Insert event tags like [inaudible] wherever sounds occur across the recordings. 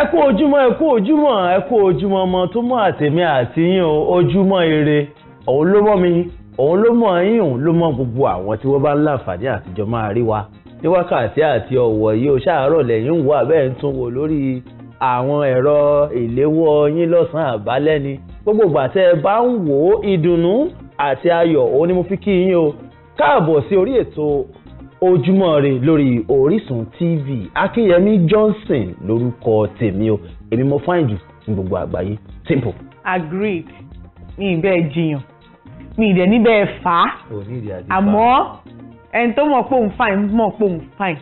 ẹ kú ojúmọ́ ẹ kú ojúmọ́ ẹ kú ojúmọ́ ọmọ tó mọ́ àtẹ̀mí àti yín o ojúmọ́ ire òun ló mọ̀ mi òun ló mọ̀ yín òun ló mọ̀ gbogbo àwọn tí wọ́n bá ń láǹfààní àtijọ́ máa rí wa ní wákàtí àti ọ̀wọ̀ yìí o ṣàárọ̀ lẹ́yìn wò abẹ́ ń tún wò lórí àwọn ẹ̀rọ ìléwọ́ yín lọ́sàn-án gbogbo ìgbà bá ń wò ó ìdùnnú àti ayọ̀ òun ni mo fi kí yín o káàbọ̀ sí orí ètò ojúmọ́ re lórí Orísun TV Akínyẹmí Johnson lórúkọ tèmi o èmi mo fáìn jù ní gbogbo àgbáyé simple. agreed mi ì bẹ́ẹ̀ jiyàn mi ì dẹ̀ níbẹ̀ fà á àmọ́ ẹni tó mọ̀ pé òun fine mọ̀ pé òun fine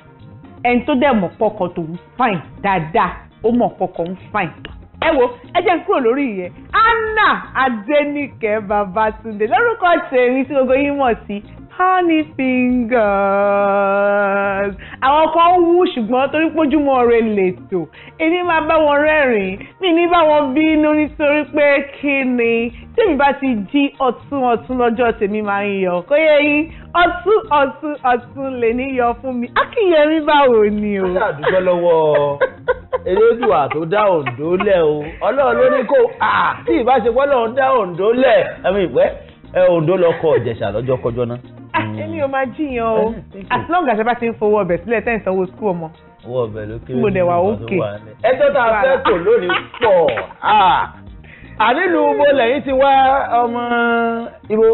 ẹni tó dẹ̀ mọ̀ pọkàn tó ń fine dáadáa ó mọ̀ pọkàn ń fine. ẹ wo ẹ jẹ́ kúrò lórí ìyẹn Anna Adéníkẹ́ Babátúndé lórúkọ tèmi tí gbogbo yín mọ̀ sí honey fingers àwọn kan ń wú ṣùgbọ́n torí pójúmọ́ rẹ̀ lètò èmi máa bá wọn rẹ́rìn-ín mi ní bá wọn bínú nítorí pé kí ni tèmi bá ti jí ọ̀tún ọ̀tún lọ́jọ́ tèmi máa ń yọ kó yẹ yín ọ̀tún ọ̀tún ọ̀tún lè ní yọ fún mi akínyẹmí báwo ni o. ó ṣàdúgbò lọ́wọ́ elédùà tó dá òǹdó lẹ̀ o ọlọ́run ló ní kó tí ìbáṣepọ̀ lọ́run dá òǹdó lẹ̀ ẹ̀mí ìpẹ́ òǹdó lọ́kọ̀ ọ̀jẹ̀ṣà lọ́jọ́ kọjọ́ náà. Ah, èmi ò máa jiyàn o mm, as long as ẹ bá ti ń fowó ọbẹ̀ sílẹ̀ tẹ́ ń sanwó sukú ọmọ owó ọbẹ̀ ló kéré ní ọdún tó wà ní. ẹ tó ta fẹ́ kò lónìí [laughs] pọ̀ ah, ànílù mo lẹ́yìn ti wá ọmọ ibo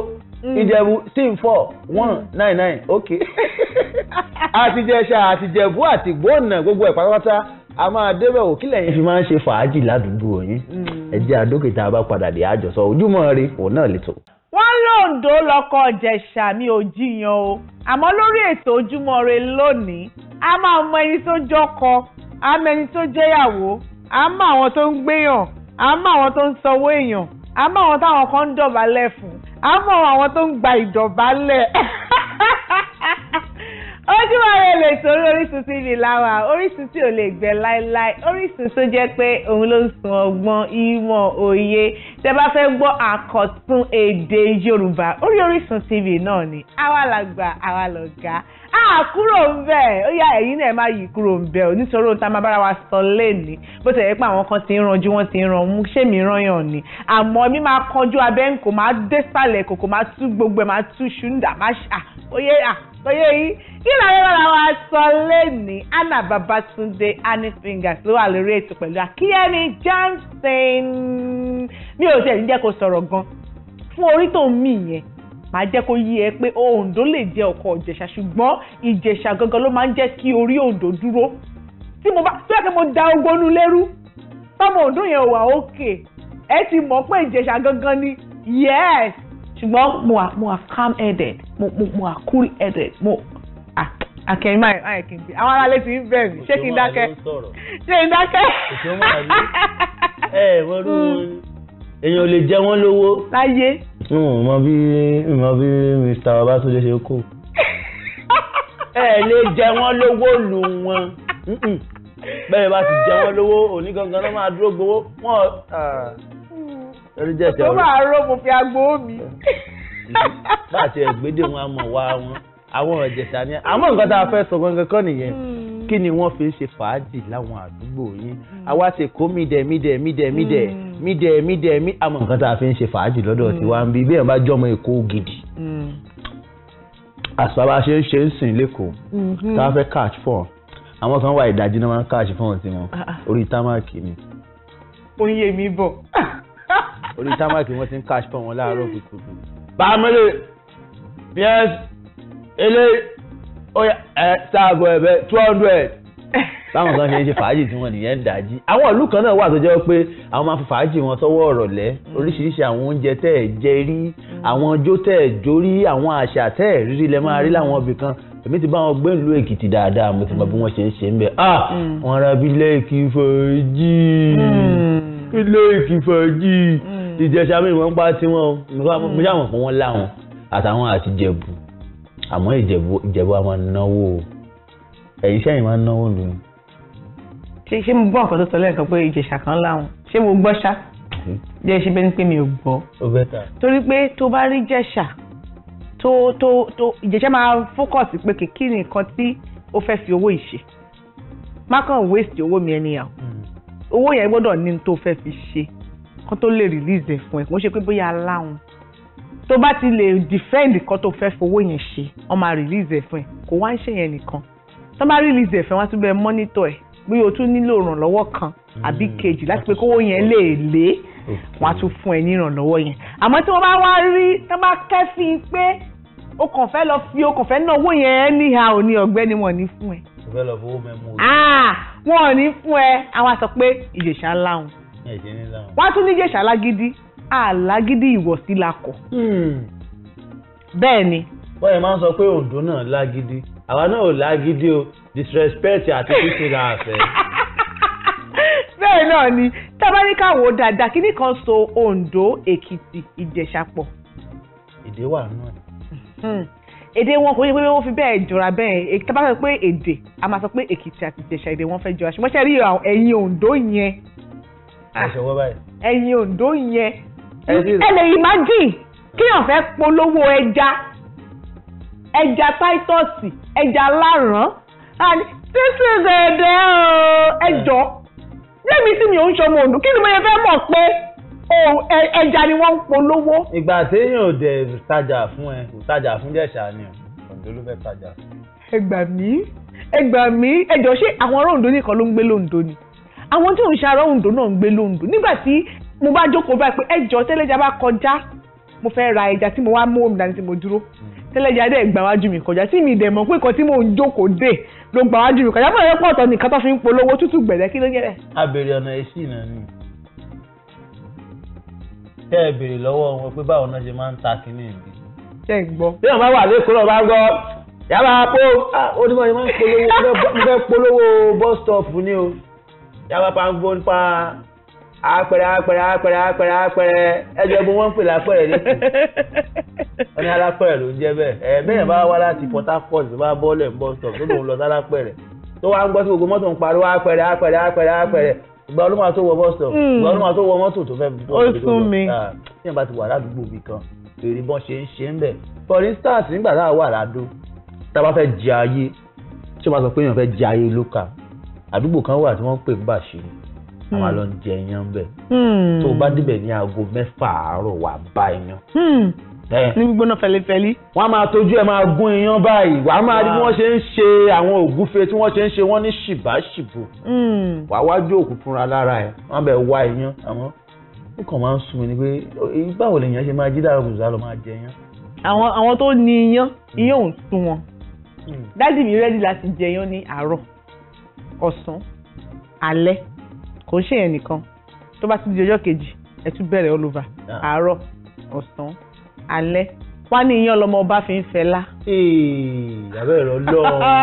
mm. ìjẹ̀bú sim four one mm. nine nine ok [laughs] àtijẹ̀ṣà àtijẹ̀bú àtìgbónà gbogbo ẹ̀ pátápátá a máa débẹ̀ wò kílẹ̀ yẹn. fi máa ń ṣe fàájì ládùúgbò yín ẹ jẹ́ àdókè tá a bá padà dé àjọsọ ojúmọ́ ire òun náà lè tó wọ́n lòǹdó lọ́kọ̀ jẹ̀ṣà mi ò jiyàn o àmọ́ lórí ètò ojúmọ́ re lónìí a máa mọ ẹni tó jọkọ a mọ ẹni tó jẹ́yàwó a mọ àwọn tó ń gbéyàn a mọ àwọn tó ń sanwó èèyàn a mọ àwọn táwọn kan ń dọ̀bálẹ̀ fún a mọ àwọn tó ń gba ìdọ̀bálẹ̀ [laughs] ojúmọ́re lè sórí Orísun TV láwa Orísun tí ò lè gbẹ láéláé Orísun tó jẹ́ pé òun ló ń sun ọgbọ́n ìmọ̀ òye tẹ́ bá fẹ́ gbọ́ àkọ̀tún èdè Yorùbá orí Orísun TV náà ni àwa làgbà àwa lọ̀gá a kúrò ń bẹ̀ ó yá ẹ̀yin náà má yí kúrò ń bẹ̀ oníṣòro ohun tá a máa bára wa sọ lẹ́ẹ̀ni bó ti yẹ pé àwọn kan ti ń ranjú wọ́n ti ń ran mú ṣé mi ràn yàn ni àmọ́ mi máa kanjú abẹ́ǹkò máa dé sàlẹ̀ kòkò máa tú gbogbo ẹ̀ máa tú ṣúndà máa ṣà ó à oyè yìí kí làwọn ẹ̀rọ wa sọ lẹ́ni anna babatunde annie fingers ló wà lórí ètò pẹ̀lú akíyẹ́mi johnson mi ò tiẹ̀ ní jẹ́ kó sọ̀rọ̀ gan fún orí tó ń mì yẹn màá jẹ́ kó yí ẹ pé Oǹdó lè jẹ́ ọkọ̀ Ìjẹ̀ṣà ṣùgbọ́n Ìjẹ̀ṣà gangan ló máa ń jẹ́ kí orí Oǹdó dúró tí mo bá tó yẹ kí mo da ogonu lérú tọ́mọ Oǹdó yẹn wà ókè ẹ ti mọ̀ pé Ìjẹ̀ṣà gangan ni yẹ́ẹ̀sì ṣùgbọ́n mo wà mo wà calm headed mo mo mo wà cool headed mo àkẹ́yìn máa máa kì í bí àwọn aráalé ti ń bẹ̀rù ṣé kí n dákẹ́ ṣé n dákẹ́. ẹ ẹ wọ́n rú hmm. èèyàn ò lè jẹ wọ́n lówó. láyé. n ò mọ bí mọ bí Mr Babatunde ṣe kó. ẹ ẹ lè jẹ wọ́n lówó lù wọ́n bẹ́ẹ̀ bá ti jẹ wọ́n lówó òní gangan máa dúró gbowó wọ́n. Ah lórí jẹ́ ìṣẹ́ orí. tó máa rọ́ mo fi agbo mi. bá a ti ẹ̀gbẹ́dẹ̀ wọn a mọ̀ wá wọn àwọn ọ̀jẹ̀ta ni àmọ́ nǹkan tá a fẹ́ sọ gangan kọ́ nìyẹn hmm. kí ni wọ́n fi ń ṣe fàájì láwọn àdúgbò yín hmm. àwa ti kó mídẹ̀ mídẹ̀ mídẹ̀ mídẹ̀ hmm. mídẹ̀ mídẹ̀ mí àmọ́ nǹkan tá a fi ń ṣe fàájì lọ́dọ̀ tiwa ń bí bẹ́ẹ̀ bá jọmọ èkó gidi àṣàbà ṣe ń ṣe ń sìn lẹ́kọ̀ọ́ tá a fẹ́ catch four àwọn kan wà ìdajì náà máa ń catch four tiwọn ah, ah. orí támákì ni. ó ń yé mi bọ̀. Ah orí támákì wọn ti ń cash pọ̀ wọn láàárọ̀ kùtùkùtù. bàmílì bs ilé ẹ ṣaago ẹ̀bẹ̀ two hundred báwọn kan ṣe ń ṣe fàájì tí wọn nìyẹn ń dájí àwọn ìlú kan náà wà tó jẹ́ pé àwọn máa fi fàájì wọn sọ́wọ́ ọ̀rọ̀lẹ́ oríṣiríṣi àwọn oúnjẹ tẹ́ ẹ̀ rí àwọn ọjọ́ tẹ́ ẹ̀ jórí àwọn àṣà tẹ́ rírí lẹ́ máa rí láwọn ibì kan èmi ti bá wọn gbé ìlú èkìtì dáadáa mo ti mọ bí wọ́n ṣe ń ṣe ń bẹ̀ ah mm. wọn ra bí lẹ́ẹ̀kì fàájì ilé èkì fàájì ìjẹsà mi mọ̀ ń pa tiwọn mo ṣàmọ̀ pé wọ́n láwọn àtàwọn àti ìjẹ̀bù àmọ́ ìjẹ̀bù ìjẹ̀bù a máa náwó o ẹ̀yìn sẹ́yìn máa náwó lù ú. ṣé ṣé mo gbọ́ nǹkan tó sọ lẹ́ẹ̀kan pé ìjẹsà kan láwọn ṣé mo gbọ́ ṣá jẹ́ hmm? ṣe bẹ́ẹ̀ ni pé mi ò gbọ́ torí pé tó bá rí jẹ̀sà tó tó tó ìjẹsà máa fókọ̀sì pé kìkì nìkan tí ó fẹ́ fi owó ìṣe má kàn waste owó mi anyhow hmm. owó yẹn gbọ́dọ̀ ní tó fẹ́ fi ṣe kó tó lè release ẹ̀ fún ẹ̀ kò ń ṣe pé bóyá aláwọn tó bá ti lè defend nǹkan tó fẹ́ fowó yẹn ṣe wọ́n máa release ẹ̀ fún ẹ̀ kò wá ń ṣe yẹn nìkan tó bá release ẹ̀ fún ẹ̀ wọ́n á tún bẹ monitor ẹ̀ bóyá o tún nílò ìrànlọ́wọ́ kan àbí hmm. kejì láti pé kówó yẹn lè lé wọ́n á tún fún ẹ ní ìrànlọ́wọ́ yẹn àmọ́ tí wọ́n bá wá rí tó bá kẹ́fín pé o kàn fẹ́ lọ fi o kàn fẹ́ ná owó yẹn anyhow ni ọ̀gbẹ́ni wọn ní fún ẹ. o fẹ́ lọ fowó ò ní fún ẹ ah! àwọn àsọ pé ìjèṣà wọ́n tún ní yèṣà lágídí àlágídí ìwọ̀sí la kọ̀. Hmm. bẹ́ẹ̀ ni. wọ́n yẹn máa ń sọ pé Oǹdó náà lágídí àwa náà ò lágídí o disrespect àti títí ra àfẹ. bẹ́ẹ̀ náà ni tábánikà wò dáadáa kíní kan so Oǹdó Èkìtì Ìjẹ̀ṣà pọ̀. èdè wà nù ẹ̀. Hmm. èdè wọn kò ní pé wọ́n fi bẹ́ẹ̀ jọra bẹ́ẹ̀ tábà sọ pé èdè a máa sọ pé Èkìtì àti Ìjẹ̀ṣà èdè wọn fẹ́ jọra ṣùgbọ́n ṣe rí ẹ̀yìn Oǹdó yẹn Ah. ẹ̀yìn Oǹdó yẹn ẹ lè imagine kíyàn fẹ́ polówó ẹja ẹja táítọ́ọ̀sì ẹja láràn and this is ẹ̀dẹ̀ ẹjọ́ lẹ́mi tí mi ò ń ṣọmọ Oǹdó kí ni mo yẹ fẹ́ mọ̀ pé ẹja ni wọ́n ń polówó. ìgbà téèyàn ò dẹ̀ tajà fún ẹ kò tajà fún jẹ̀ṣà ni Oǹdó ló fẹ́ tajà fún. ẹ gbà mí ẹ gbà mí ẹ jọ ṣé àwọn ará Oǹdó nìkan ló ń gbé lóǹdó ni àwọn tí ò ń ṣe ará Oǹdó náà ń gbé lóǹdó nígbà tí mo bá jókòó báyìí pé ẹjọ́ tẹ́lẹ̀jà bá kọjá mo fẹ́ ra ẹja tí mo wá mú omi dání tí mo dúró hmm. tẹ́lẹ̀jà dẹ̀ gbà wájú mi kọjá tí mi dẹ̀ mọ̀ pé nǹkan tí mò ń jókòó dè ló gbà wájú mi kọjá báyọ̀ pọ̀ tọ́ nìkan tó fi ń polówó tútù gbẹ̀dẹ̀ kí ló yẹ. abèrè ọ̀nà èsì náà ni tẹ́ ẹ béèrè lọ́wọ́ wọn pé báwọn náà ṣe máa ń ta kínní ìbí. ṣé ń gbọ́. bí wọn bá wà lẹ́kọ̀ọ́ náà bá ń gbọ́ yàrá pé ah, ó ní wọn máa ń polówó bọ́ stọ̀pù ni o yàrá pangolin pa apẹrẹ apẹrẹ apẹrẹ apẹrẹ apẹrẹ ẹjọ bí wọn ń pè lápẹrẹ ní wọn ní alápẹrẹ ló ń jẹ bẹ́ẹ̀ ẹ bẹ́ẹ̀ bá wá láti Port Harcourt bá bọ́ọ̀lù ẹ̀ ń bọ́ stop tó lòun lọ sálápẹrẹ tó wá ń gbọ́ sí gbogbo mọ́tò ń pariwo apẹrẹ apẹrẹ apẹrẹ apẹrẹ ìgbà olóma tó wọ bọ́ stop hmm. ìgbà olóma tó wọ mọ́tò tó fẹ́ fi tó ọ̀dọ́ tó lọ tíyẹn bá ti wà ládùúgbò mi kan èrè bọ́n ṣe ń ṣe ń bẹ̀ for instance nígbà tá a wà ládó tá a bá fẹ́ jẹ ayé tí o bá sọ pé èèyàn fẹ́ jẹ ayé lókà àdúgbò kan wà tí wọ́n ń pè ní bàṣírí àwọn àlọ́ hmm. ń jẹ iyán bẹ́ẹ̀ hmm. tó o bá débẹ̀ ní aago mẹ́fà àárọ̀ wà bá iyán hmm. ní gbígbóná fẹlifẹli. wọ́n á máa tójú ẹ̀ máa gún iyán báyìí wàá máa rí bí wọ́n ṣe ń ṣe àwọn ògúfe tí wọ́n ṣe ń ṣe wọ́n ní ṣìbáṣìbò. wàá wá jókòó fúnra lára ẹ̀ wọ́n bẹ̀ wá iyán àmọ́ ó kàn máa ń sún mi ni pé báwo lèèyàn ṣe máa jí dàrú bùsà lọ máa jẹ iyán. àwọn àwọn tó ní iyán iyán ò sún wọn dádì mi rẹ́dí láti jẹ iyán ní àárọ̀ ọ̀sán alẹ́ kò ń ṣe yẹn nìkan tó bá ti di ọjọ́ kejì ẹ tún bẹ̀rẹ̀ all ah. àárọ̀ ọ̀sán alẹ́ wá ní iyán lọmọ ọba fi ń fẹlá. ìyàwó ẹ̀rọ lọ.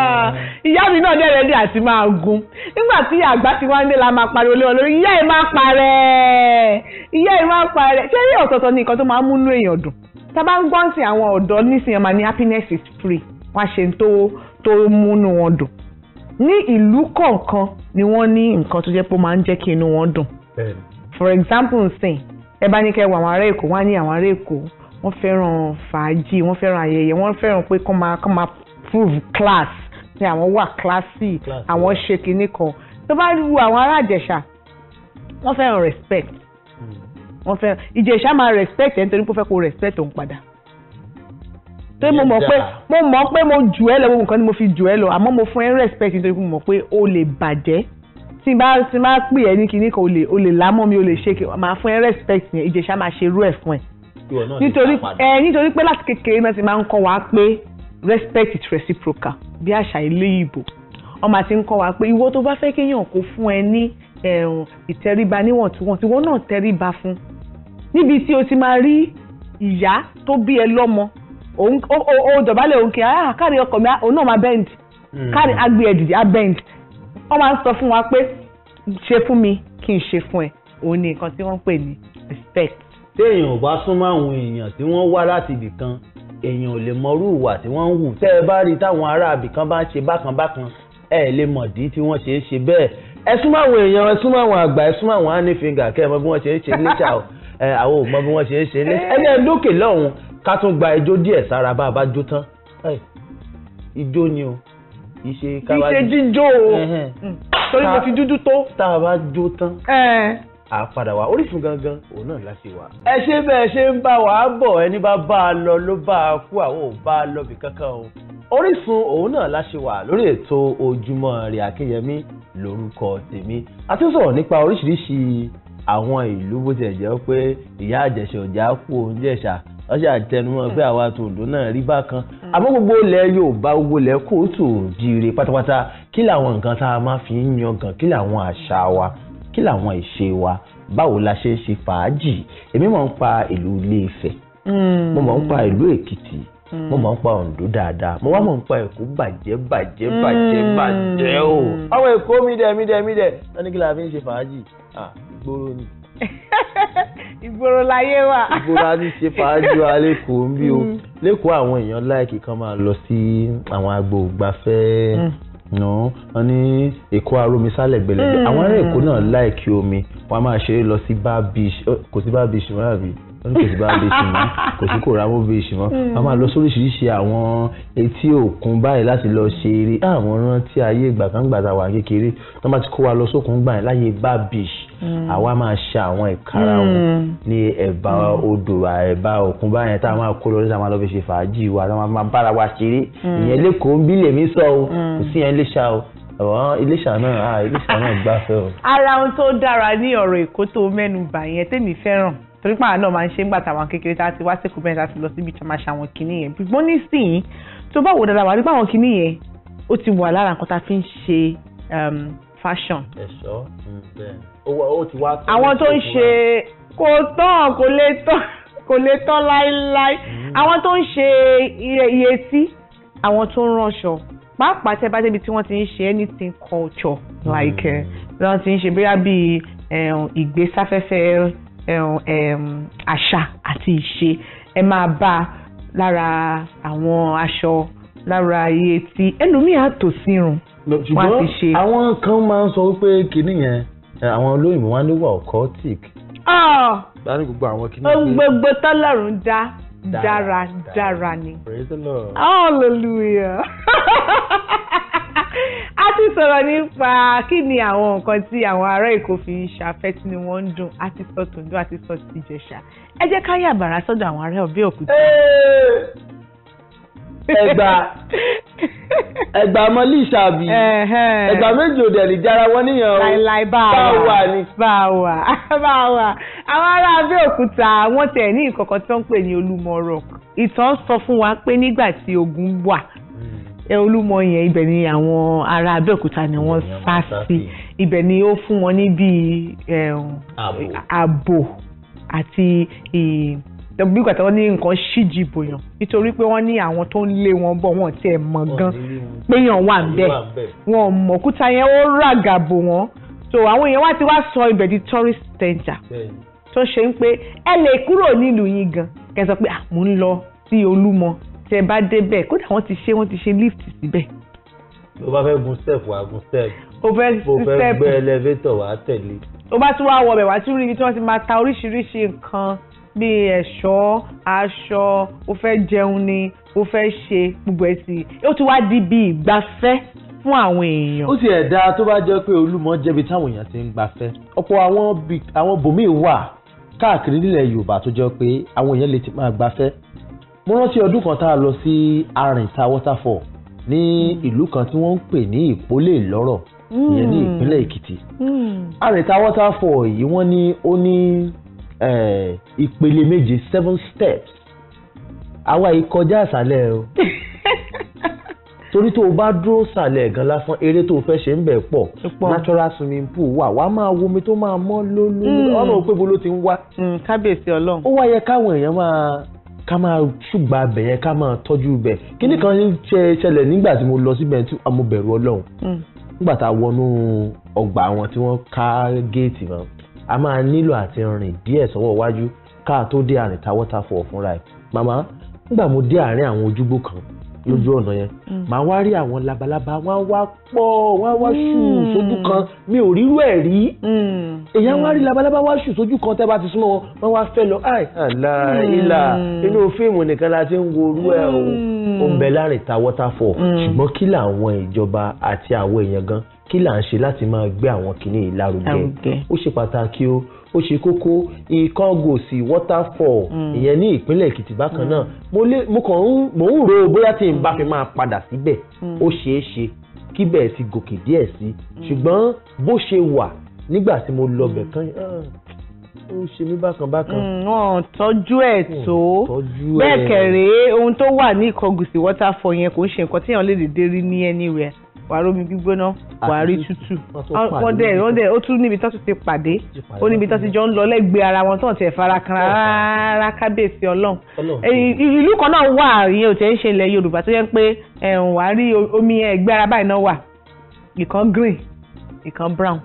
[laughs] ìyá mi náà dẹ̀ àti máa gun nígbà tí àgbà ti wá ń máa pariwo lé ìyá máa parẹ́ ìyá máa parẹ́ ṣé ọ̀tọ̀ọ̀tọ̀ ni tó máa múnú èèyàn dùn tá a àwọn ọ̀dọ́ nísìnyẹn ní ìlú kọ̀ọ̀kan ni wọ́n ní nǹkan tó jẹ́ pé ó máa ń jẹ́ kí inú wọn dùn for example nsìn ẹ bá ní kẹ́ wọ àwọn ará èkó wọ́n á ní àwọn ará èkó wọ́n fẹ́ràn fàájì wọ́n fẹ́ràn ayẹyẹ wọ́n fẹ́ràn pé kọ́ máa kọ́ máa prove class ní àwọn wà kíláàsì àwọn ṣe kinní kan tó bá wu àwọn ará ìjẹ̀ṣà wọ́n fẹ́ràn respect hmm. wọ́n fẹ́ràn ìjẹ̀ṣà máa respect ẹ̀ nítorí pé ó fẹ́ kó respect òun padà pé mo mọ̀ pé mo mọ̀ pé mo jù ẹ́ lọ gbogbo nǹkan ni mo fi jù ẹ́ lọ àmọ́ mo fún ẹ respect nítorí mo mọ̀ pé o lè bàjẹ́ tí n bá tí n bá pè ẹ́ ní kinní kan o lè o lè lámọ́ mi o lè ṣe máa fún ẹ respect yẹn ìjẹ̀ṣà máa ṣe irú ẹ̀ fún ẹ. nítorí ẹ nítorí pé láti kékeré náà ti máa ń kọ́ wa pé respect is reciprocal bí àṣà ilé ìbò ọmọ àti ń kọ́ wa pé ìwọ tó bá fẹ́ kéèyàn kó fún ẹ ní ẹ̀rùn ìtẹríba níwọ̀ntúnwọ̀n tí wọ́n náà tẹríba fún níbi tí o ti máa rí ìyá tó bí ẹ lọ́mọ òun ó dọ̀bálẹ̀ òun kì í ah káàrin ọkọ̀ mi òun náà máa bend hmm. káàrin agbe ẹ̀dìdì á bend wọ́n máa ń sọ fún wa pé ṣe fún mi kí n ṣe fún ẹ òun ni nǹkan tí wọ́n ń pè ní respect. téèyàn ò bá súnmọ́ àwọn èèyàn tí wọ́n wá láti ibì kan èèyàn ò lè mọrú ìwà tí wọ́n ń hù tẹ́ ẹ bá rí táwọn ará ibì kan bá ń ṣe bákan bákan ẹ lè mọ̀dí tí wọ́n ṣe é ṣe bẹ́ẹ̀ ẹ súnmọ́ àwọn èèyàn ẹ súnmọ́ àwọn àgbà ẹ súnmọ́ àwọn honey finger kẹ́ ẹ mọ bí wọ́n ṣe é ṣe níṣà o àwọn ò mọ bí wọ́n ṣe é ṣe níṣà ẹ ní ẹ lókè lọ́hùn ká tún gba ijó díẹ̀ sára bá a bá jó tán ijó ni o ìṣe káwá ìṣe jíjó o mm. torí mo ti dúdú tó. tá a bá jó tán a padà wá orísun gangan òun náà láti wá. ẹ ṣe bẹ́ẹ̀ ṣe ń bá wa bọ̀ ẹni bá bá a lọ ló bá a kú àwọn ò bá a lọ bí kankan o. orísun òun náà láṣẹ wà lórí ètò ojúmọ́ rẹ̀ akínyẹmí lórúkọ tèmi àti sọ̀rọ̀ nípa oríṣiríṣi àwọn ìlú bó ti ẹ̀ jẹ́ pé ìyá àjẹsẹ̀ òjá kú oúnjẹ ṣá wọ́n ṣe àtẹnumọ́ pé àwa tòǹdó náà rí bákan mm. àmọ́ gbogbo ilẹ̀ Yorùbá gbogbo ilẹ̀ kóòtù jíire pátápátá kí làwọn nǹkan tá a máa fi ń yangàn kí làwọn àṣà wa kí làwọn ìṣe wa báwo la ṣe ń ṣe fàájì èmi mọ̀ ń pa ìlú Ilé-Ifẹ̀ mm. mo mọ̀ ń pa ìlú Èkìtì mm. mo máa ń pa Oǹdó dáadáa mo wá máa ń pa Èkó bàjẹ́ bàjẹ́ bàjẹ́ bàjẹ́ o. àwọn Èkó mi dẹ̀ mi dẹ̀ mi dẹ̀ wọ́n ní kí la fi ń ṣe fàájì gbóró [laughs] ìgboro láyé wà. ìgboro àti ṣe fàájú alẹ́kọ̀ọ́ ń bí o mm. lẹ́kọ̀ọ́ àwọn èèyàn láìkì kan máa lọ sí àwọn agbo ìgbafẹ́ mm. nù wọn ní èkó arómi sálẹ̀ gbẹlẹ̀gbẹ̀ mm. àwọn ará èkó náà láìkì omi wọn a máa ṣeré lọ sí bar beach oh, kò sí bar beach wọn àbí ó ní kò sí bábẹ́ẹ̀sì mọ́ kò sí kò rámọ́ bẹ́ẹ̀sì mọ́ wọ́n hmm. máa lọ sóríṣiríṣi àwọn etí òkun báyìí láti lọ ṣe eré àwọn rántí ayé ìgbà kan gbàtà wà kékeré wọ́n bá ti kó wa lọ sókun gbà yẹn láyé bábẹ́ẹ̀sì hmm. àwa máa ṣe àwọn ìkara wọn hmm. ní ẹ̀bá odò ẹ̀bá òkun báyẹn tá a máa kó lọ sí àwọn lọ́fíìsì fàájì wa tá a máa bára wa ṣeré ìyẹn lẹ́kọ̀ọ́ bí lèmi sọ o kò sí yẹn léṣà o àwọn iléṣà náà ah, iléṣà náà gbáfẹ́ o. ara ohun tó dára ní ọ̀rọ̀ èkó tó mẹ́nu bà yẹn tèmi fẹ́ràn torí pàrọ̀ náà máa ń ṣe ń gbà táwọn kékeré tá a ti wá sí kò bẹ́ẹ̀ tá a ti lọ síbi ìjà máa ṣàwọn kinní yẹn gbígbón nísìnyí tó bá wò dáadáa wà nípa àwọn kinní yẹn ó ti wà lára nǹkan tá a fi ń ṣe um, fashion. ẹ̀ṣọ́ mm, ó ti wá. àwọn tó ń ṣe kò tán kò lè tán kò lè tán láéláé mm. àwọn tó ń ṣe iye tí àwọn tó ń ránṣọ pàápàá tẹ bá débi tí wọ́n ti ń ṣe anything culture mm. like eh, wọ́n ti ń ṣe bóyá bíi eh, ìgbésáfẹ́fẹ́ àṣà àti ìṣe ẹ máa bá a lára àwọn aṣọ lára iye tí ẹlòmíì àtò sírun wọn ti ṣe. ṣùgbọ́n àwọn kan máa ń sọ wípé kinní yẹn àwọn olóyìnbó wọn ló wà occultic. Ah! báyìí gbogbo àwọn kinní yẹn. gbogbo tọ́lọ́run dá dára dára ni. praise the lord. hallelujah. [laughs] [laughs] a ti sọ̀rọ̀ nípa kí ni àwọn nǹkan tí àwọn ará Èkó fi ṣàfẹ́tí ni wọ́n ń dùn a ti sọ tòǹdó a ti sọ tìjẹ̀ṣà ẹ jẹ́ ká yà bàrà sọ́dọ̀ àwọn ará Abẹ́òkúta. Ẹ̀gbá Ẹ̀gbá mọlí ìṣàbí Ẹ̀gbá méjì òde ẹni jára wọn níyàn o bá a wà ni. bá a wà [laughs] bá a wà àwọn ará Abẹ́òkúta wọ́n tẹ̀ ní ìkọ̀kọ̀ tí wọ́n ń pè ní Olúmọ rock ìtàn sọ fún wa pé nígbà tí ogun wà olúmọ yẹn ibẹ̀ ni àwọn ará Abẹ́òkúta ni wọ́n sá sí ibẹ̀ ni ó fún wọn ní bíi ààbò àti bí gbàtà wọn ní nǹkan ṣíjì bòyàn nítorí pé wọ́n ní àwọn tó ń lé wọn bọ̀ wọn tiẹ̀ mọ̀ gan péyàn wà ń wọn mọ̀ òkúta yẹn ó ràgàbò wọn so àwọn èèyàn wá ti wá sọ ibẹ̀ di tourist center tó ṣe ń pé ẹ lè kúrò nílùú yín gan kẹ́ sọ pé à mò ń lọ sí Olúmọ tẹ bá débẹ̀ kódà wọ́n ti ṣe wọ́n ti ṣe lift síbẹ̀. o bá fẹ́ gun step wàá gun step. o fẹ́ step o fẹ́ gbé elevator wàá tẹ̀lé. o bá tún wá wọ ọbẹ̀ wàá tún rí ibi tí wọ́n ti máa ta oríṣiríṣi nǹkan bíi ẹ̀ṣọ́ aṣọ o fẹ́ jẹun ni o fẹ́ ṣe gbogbo ẹ̀ sí i ó ti wá di bíi ìgbafẹ́ fún àwọn èèyàn. ó sì ẹ̀dá tó bá jẹ́ pé Olúmọ jẹ́bi táwọn èèyàn ti ń gbafẹ́ ọ̀pọ̀ àwọn bòmíì wà káàkiri nílẹ̀ Yorùbá tó jẹ́ pé àwọn èèyàn lè ti máa gbafẹ́ mo rántí ọdún kan tá a lọ sí arìntà waterfall ní hmm. ìlú kan tí wọ́n ń pè ní ìpólè lọ́rọ̀ hmm. ìyẹn ní ìpínlẹ̀ èkìtì hmm. arìntà waterfall yìí wọ́n ní ó ní ìpele méje seven steps àwa yìí kọjá àṣálẹ̀ o [laughs] torí tó o bá dúró sàlẹ̀ gan lásán eré tó o fẹ́ ṣe ń bẹ̀ pọ̀ natural swimming pool wà wàá máa wo omi tó máa mọ́ lólú ọ̀nà òpébó ló ti ń wá. kábíyèsí ọlọ́run. ó wá yẹ káwọn èèyàn máa ká máa ṣùgbọ́n abẹ̀ yẹn ká máa tọ́jú bẹ̀ kíní kan ṣe ṣẹlẹ̀ nígbà tí mo lọ síbẹ̀ tí mo bẹ̀rù ọlọ́run hmm. nígbà tá a wọnú ọgbà wọn tí wọ́n ká géètì wọn a máa nílò àti rìn díẹ̀ sọ́wọ́ iwájú ká tó dé àrìntà waterfall fúnra ẹ̀ màmá nígbà mo dé àárín àwọn ojúgbó kan lójú mm. ọ̀nà yẹn mm. màá wá rí àwọn labalábá wọ́n wá pọ̀ wọ́n wá ṣù mm. sójú kan mi ò rírú ẹ̀ rí èyí wá rí labalábá wá ṣù sójú kan tẹ́ bá ti súnmọ́ wọn wọ́n wá fẹ́ lọ àì àlà inú fíìmù nìkan la ti ń wo orú ẹ̀ o ó ń bẹ láàrin ta waterfall ṣùgbọ́n kí làwọn ìjọba àti àwọn èèyàn gan kí là ń ṣe láti máa gbé àwọn kìnìún lárugẹ ó ṣe pàtàkì o ó ṣe kókó Ìkọgòsì waterfall mm. ìyẹn ní ìpínlẹ̀ Èkìtì bákan náà mm. mo kàn ń mò ń ro bóyá tí n bá fi máa padà síbẹ̀ mm. ó ṣeé ṣe kíbẹ̀ ti gòkè díẹ̀ sí ṣùgbọ́n bó ṣe wà nígbà tí mo lọ bẹ̀ kán ó ṣe mí bákan bákan. wọn tọ́jú ẹ̀ tó bẹ́ẹ̀ kẹrẹ ohun tó wà ní Ìkọgòsì waterfall yẹn kò ń ṣe nǹkan tí èèyàn lè dédé rí ní anywhere wàá rómi gbígbóná wàá rí tútù wọ́n dẹ̀ wọ́n dẹ̀ ó tún níbi tó ti pàdé ó níbi tó ti jọ ń lọ lẹ́gbẹ̀ẹ́ ara wọn tó ti ẹ̀ fara kan rárá kábíyèsí ọlọ́run ìlú kan náà wà ìyẹn ò tẹ́ ń ṣe ilẹ̀ yorùbá tó yẹ pé wàá rí omi ẹ̀gbẹ́ ara báyìí náà wà ìkan green ìkan brown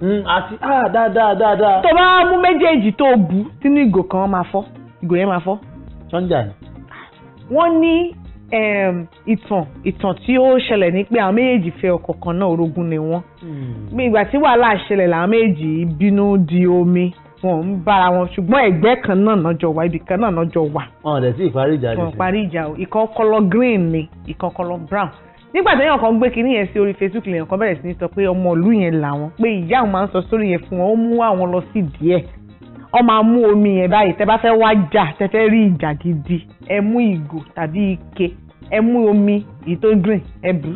hmm, àti ah dáadáa dáadáa. tó bá mú méjèèjì tó bu sínú ìgò kan máa fọ́ ìgò yẹn máa fọ́. sọ́njà ni. wọ́n ní ìtàn ìtàn tí ó ṣẹlẹ̀ ní pé àwọn méjèèjì fẹ́ ọkọ kan náà orogún ni wọ́n hmm. ìgbà tí wàhálà ṣẹlẹ̀ làwọn méjèèjì bínú di omi wọn ń bára wọn ṣùgbọ́n ẹ̀gbẹ́ kan náà nọ́jọ wà ibì kan náà nọ́jọ wà. wọn ò dẹ̀ tí ìparí ìjà rẹ̀ sí. ìparí ìjà o ìkan kọ́lọ̀ green ni ìkan kọ́lọ̀ brown nígbà téèyàn kan gbé kinní yẹn sí orí facebook lèèyàn kan bẹ̀rẹ̀ sí ní sọ pé ọmọ ìlú yẹn làwọn pé ìyá àwọn máa ń sọ sórí yẹn fún wọn ó mú àwọn lọ sí díẹ̀ ọ máa mú omi yẹn báyìí tẹ bá fẹ́ wá jà tẹ fẹ́ rí ìjà gidi ẹ mú ìgò tàbí ike ẹ mú omi èyí tó green ẹ bù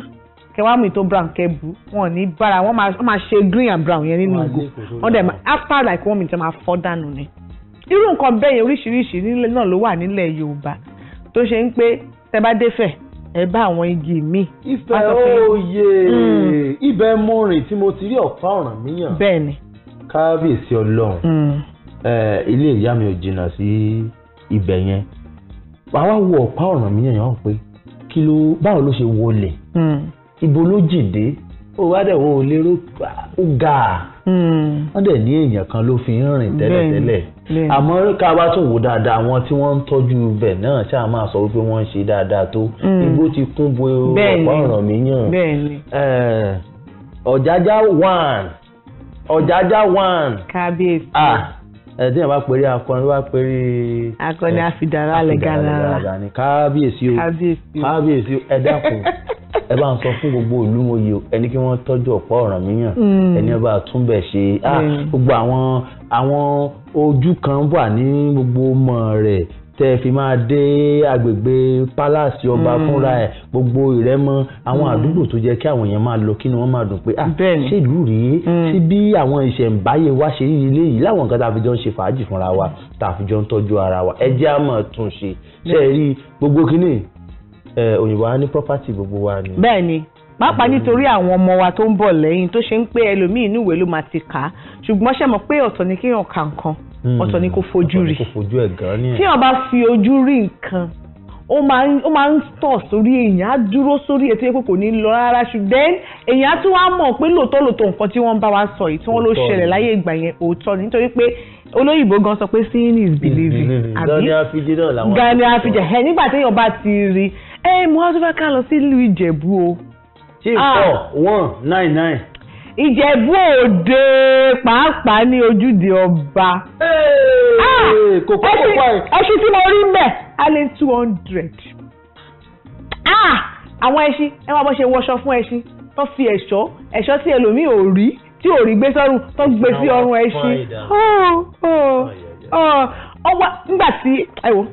kẹ wá mú èyí tó brown kẹ bù wọn ní bára wọn máa ṣe green and brown yẹn nínú ìgò wọn dẹ̀ after like one minute ẹ máa fọ́ dànù ni irú nǹkan bẹ́ẹ̀ yẹn oríṣiríṣi nílẹ̀ náà ló wà nílẹ̀ Yorùbá tó ṣe ń pé tẹ bá dé fẹ̀ ẹ bá àwọn igi mi. Ifẹ̀ òye mm. ibẹ̀ mo rìn tí mo ti rí ọ̀pá ọ̀ràn míyàn. bẹ́ẹ̀ni. kábíyèsí Ọlọ́run mm. ilé ìyá mi ò jìnnà sí ibẹ̀ yẹn àwa wo ọ̀pá ọ̀ràn míyàn yẹn wọ́n pé kí ló báwo ló ṣe wọlé hmm. ibo ló jìde ó wá dẹ̀ wọ́n ò lérò ó ga hmm. wọ́n dẹ̀ ní èèyàn kan ló fi ń rìn tẹ́lẹ̀tẹ́lẹ̀ àmọ́ ká bá tún wò dáadáa àwọn tí wọ́n ń tọ́jú ibẹ̀ náà ṣáà máa sọ wípé wọ́n ń ṣe dáadáa tó hmm. igbó ti kún bo ọ̀pọ̀ ọ̀ràn mi yàn eh, ọ̀jájá one ọ̀jájá one kábíyèsí ah ẹtí yẹn bá pèrè akọni bá pèrè. akọni afidara lẹgàrà ni kábíyèsí o kábíyèsí o ẹ dákun [laughs] ẹ bá ń sọ fún gbogbo ìlú mòye o ẹni kí wọ́n tọ́jú ọ̀pọ̀ ọ̀ràn míyàn hmm. ẹni ọba àtúnbẹ̀ ṣe ah, hmm. gbogbo àwọn àwọn ojú kan wà ní gbogbo mọ̀ rẹ̀ tẹ fi máa dé àgbègbè palace ọba hmm. fúnra ẹ gbogbo ìrẹmọ àwọn hmm. àdúgbò tó jẹ kí àwọn èèyàn máa lọ kí ni wọn máa dùn pé ah ṣé ìlú rèé sí hmm. bí àwọn ìṣẹ̀ǹbáyé wa ṣe rí ilé yìí láwọn nǹkan tá a fi jọ ń ṣe fàájì fúnra wa tá a fi jọ ń tọ́jú ara wa ẹ jẹ́ àmọ̀ tún ṣe ṣe rí gbogbo kínní òyìnbó wa ní property gbogbo wa ni. bẹ́ẹ̀ni pàápàá nítorí àwọn ọmọ wa tó ń bọ̀ lẹ́yìn tó ṣe ń pé ẹlòmíín Hmm. wọ́n sọ ní kó fojú rí tí wọ́n bá fi ojú rí nǹkan ó máa ń tọ̀ sórí èèyàn á dúró sórí ètò epo kò ní lọ rárá ṣùgbọ́n èèyàn á tún wá mọ̀ pé lóòótọ́ lóòótọ́ nǹkan tí wọ́n ń bá wa sọ yìí tí wọ́n ló ṣẹlẹ̀ láyé ìgbà yẹn òótọ́ nítorí pé olóyìnbó gan sọ pé seeing is believing hmm, hmm, àbí gani afijẹ ẹ nígbà téèyàn bá ti rí ẹ mo wá tó fẹ́ ká lọ sí ìlú Ìjẹ̀bú o. chief ah. four one nine nine ìjẹ̀bú òde pàápàá ní ojúde ọba. Ah! ẹṣin tí mo rí mẹ́ á lé two hundred. Ah! àwọn ẹṣin ẹ máa bọ́ ṣe wọṣọ fún ẹṣin tó fi ẹ̀ṣọ́ ẹ̀ṣọ́ tí ẹlòmíì ò rí tí ò rí gbé sọ́rùn tó gbé sí ọrùn ẹṣin. ọwọ́ oh, oh, oh. nígbà tí ẹ wò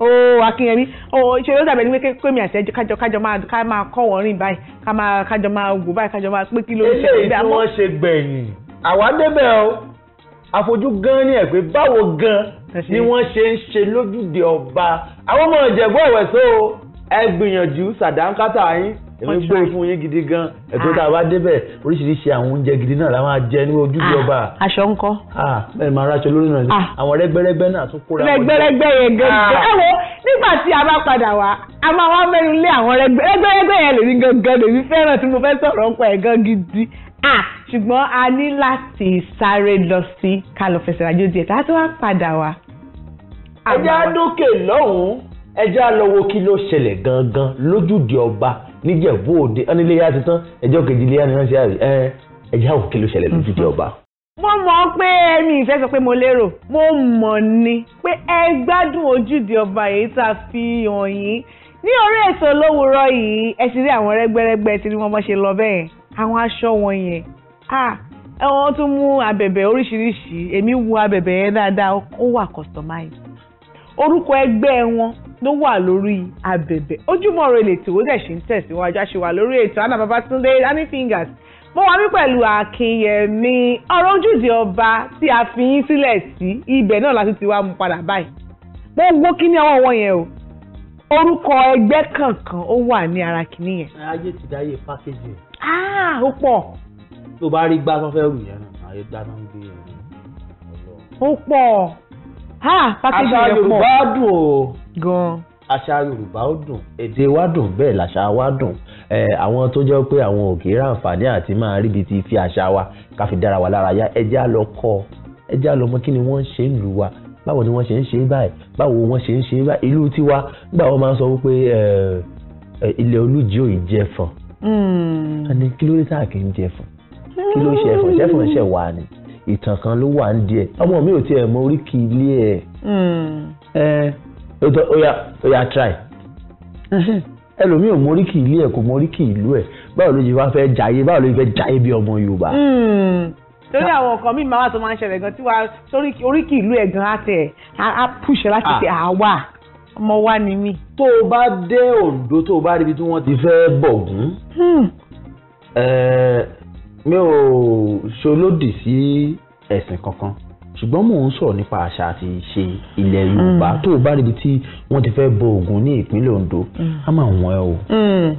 ó akínyẹmí ó ṣe ló dàbẹ̀ ní pé kémi àti ẹjọ́ kájọ kájọ máa ká máa kọ́ wọ́n báyìí ká máa kájọ máa wò báyìí kájọ máa pé kí ló ń ṣe. eléyìí tí wọ́n ṣe gbẹ̀yìn àwa débẹ̀ o àfojú gan ni ẹ̀ pé báwo gan ni wọ́n ṣe ń ṣe lójúde ọba àwọn ọmọ ìjẹ̀bú ẹ̀wẹ̀ só ẹ gbìyànjú sàdánkátà yín èmi gbé fún yín gidi gan ẹ̀tọ́ tá a bá débẹ̀ oríṣiríṣi àwọn oúnjẹ gidi náà la máa jẹ ní ojú bí ọba. Ah, aṣọ ń kọ́. bẹ́ẹ̀ ah, máa raṣọ lórí náà ah. àwọn rẹ́gbẹ́rẹ́gbẹ́ náà tún kóra. rẹ́gbẹ́rẹ́gbẹ́ yẹn gẹ́gẹ́ ẹ wo nígbà tí a bá padà wá a máa wá mẹ́rin lé àwọn rẹ́gbẹ́rẹ́gbẹ́ yẹn lèmi gangan lèmi fẹ́ràn tí mo fẹ́ sọ̀rọ̀ ń ẹ̀ gan gidi ṣùgbọ́n a ní láti sáré lọ sí kálọ̀fẹsẹ̀ àjò díẹ̀ tá a tó wá padà wá. ẹ já dókè lọ́hùn-ún ẹ já wo kí ló ṣẹlẹ̀ gangan lójúde ọba níjẹ̀bú òde ọ́níléyà ti tán ẹjọ́ kejì léyà ni wọ́n ṣe àrí ẹ ẹjẹ́ àwọn kí ló ṣẹlẹ̀ lójúde ọba. mo mọ̀ pé èmi ìfẹ́ sọ pé mo lérò mo mọ̀ ni pé ẹ gbádùn ojúde ọba èyí tá a fi hàn yín ní orí ètò olówùrọ̀ yìí ẹ ti rí àwọn rẹ́gbẹ́rẹ́gbẹ́ tí wọ́n mọ̀ ṣe lọ bẹ́ẹ̀ àwọn aṣọ wọn yẹn wọ́n tún mú abẹ̀bẹ̀ oríṣiríṣi èmi wo abẹ̀bẹ̀ yẹn dáadáa ó wà customized orúkọ ẹgbẹ́ wọn ló wà lórí abẹ̀bẹ̀ ojúmọ́ ire lè tòwó dẹ̀ ṣe ń tẹ̀síwájú àṣewà lórí ètò Hannah Babatunde Honey Fingers mo wà mí pẹ̀lú Akínyẹmí ọ̀rọ̀ ojúde ọba tí a fi yín sílẹ̀ sí ibẹ̀ náà láti ti wá mú padà báyìí mo gbó ni ọwọ́ wọn yẹn o orúkọ ẹgbẹ́ kankan ó wà ní ara kíní yẹn. ayé ti dáyé pákéjì. Ah, ó pọ̀. tó bá rí gbá tó fẹ́ rù yẹn náà ayé gbá tó ń gbé yẹn. ó pọ̀ àṣà yorùbá dùn o gan àṣà yorùbá ó dùn èdè wa dùn bẹ́ẹ̀ làṣà wa dùn àwọn tó jẹ́ pé àwọn òkè ráǹfààní àti máa ríbi ti fi àṣà wa ká fi dára wa lára yá ẹ jẹ́ á lọ kọ́ ẹ jẹ́ á lọ mọ kí ni wọ́n ń ṣe nílùú wa báwo ni wọ́n ṣe ń ṣe báyìí báwo wọ́n ṣe ń ṣe báyìí ìlú tiwa nígbà wọ́n máa ń sọ wípé ilẹ̀ olújí ò jẹ fọ̀n àní hmm. kí ló dé tá à kì í jẹ fọ̀n kí ló ṣe ẹ̀fọ̀n ṣẹ̀fọ̀n ṣẹ̀ wá ni ìtàn kan ló wà ń díẹ̀ ọmọ mi ò tiẹ̀ mọ oríkì ilé ẹ̀ ẹ̀ oya oya try [laughs] ẹlòmíì ò mọ oríkì ilé ẹ̀ kò mọ oríkì ìlú ẹ̀ báwo ló ṣe wá fẹ́ jayé báwo ló ṣe fẹ́ jayé bí ọmọ Yorùbá hmm. torí àwọn nǹkan míì máa wà tó máa ń ṣẹlẹ̀ gan tí wà sórí oríkì ìlú ẹ̀ gan á tẹ̀ á pùṣẹ̀ láti tẹ̀ ah. àwa ọmọ wa ni mí. tó o bá dé Oǹdó tó o bá débi tí wọ́n ti fẹ́ bọ̀gún hmm mi ò ṣolódì sí ẹ̀sìn kankan ṣùgbọ́n mò ń sọ̀rọ̀ nípa àṣà àti ìṣe ilẹ̀ Yorùbá mm. tó o bá ríbi tí wọ́n ti fẹ́ bọ Ògún ní ìpínlẹ̀ Ondo á mm. máa wọ̀n ẹ́ o mm.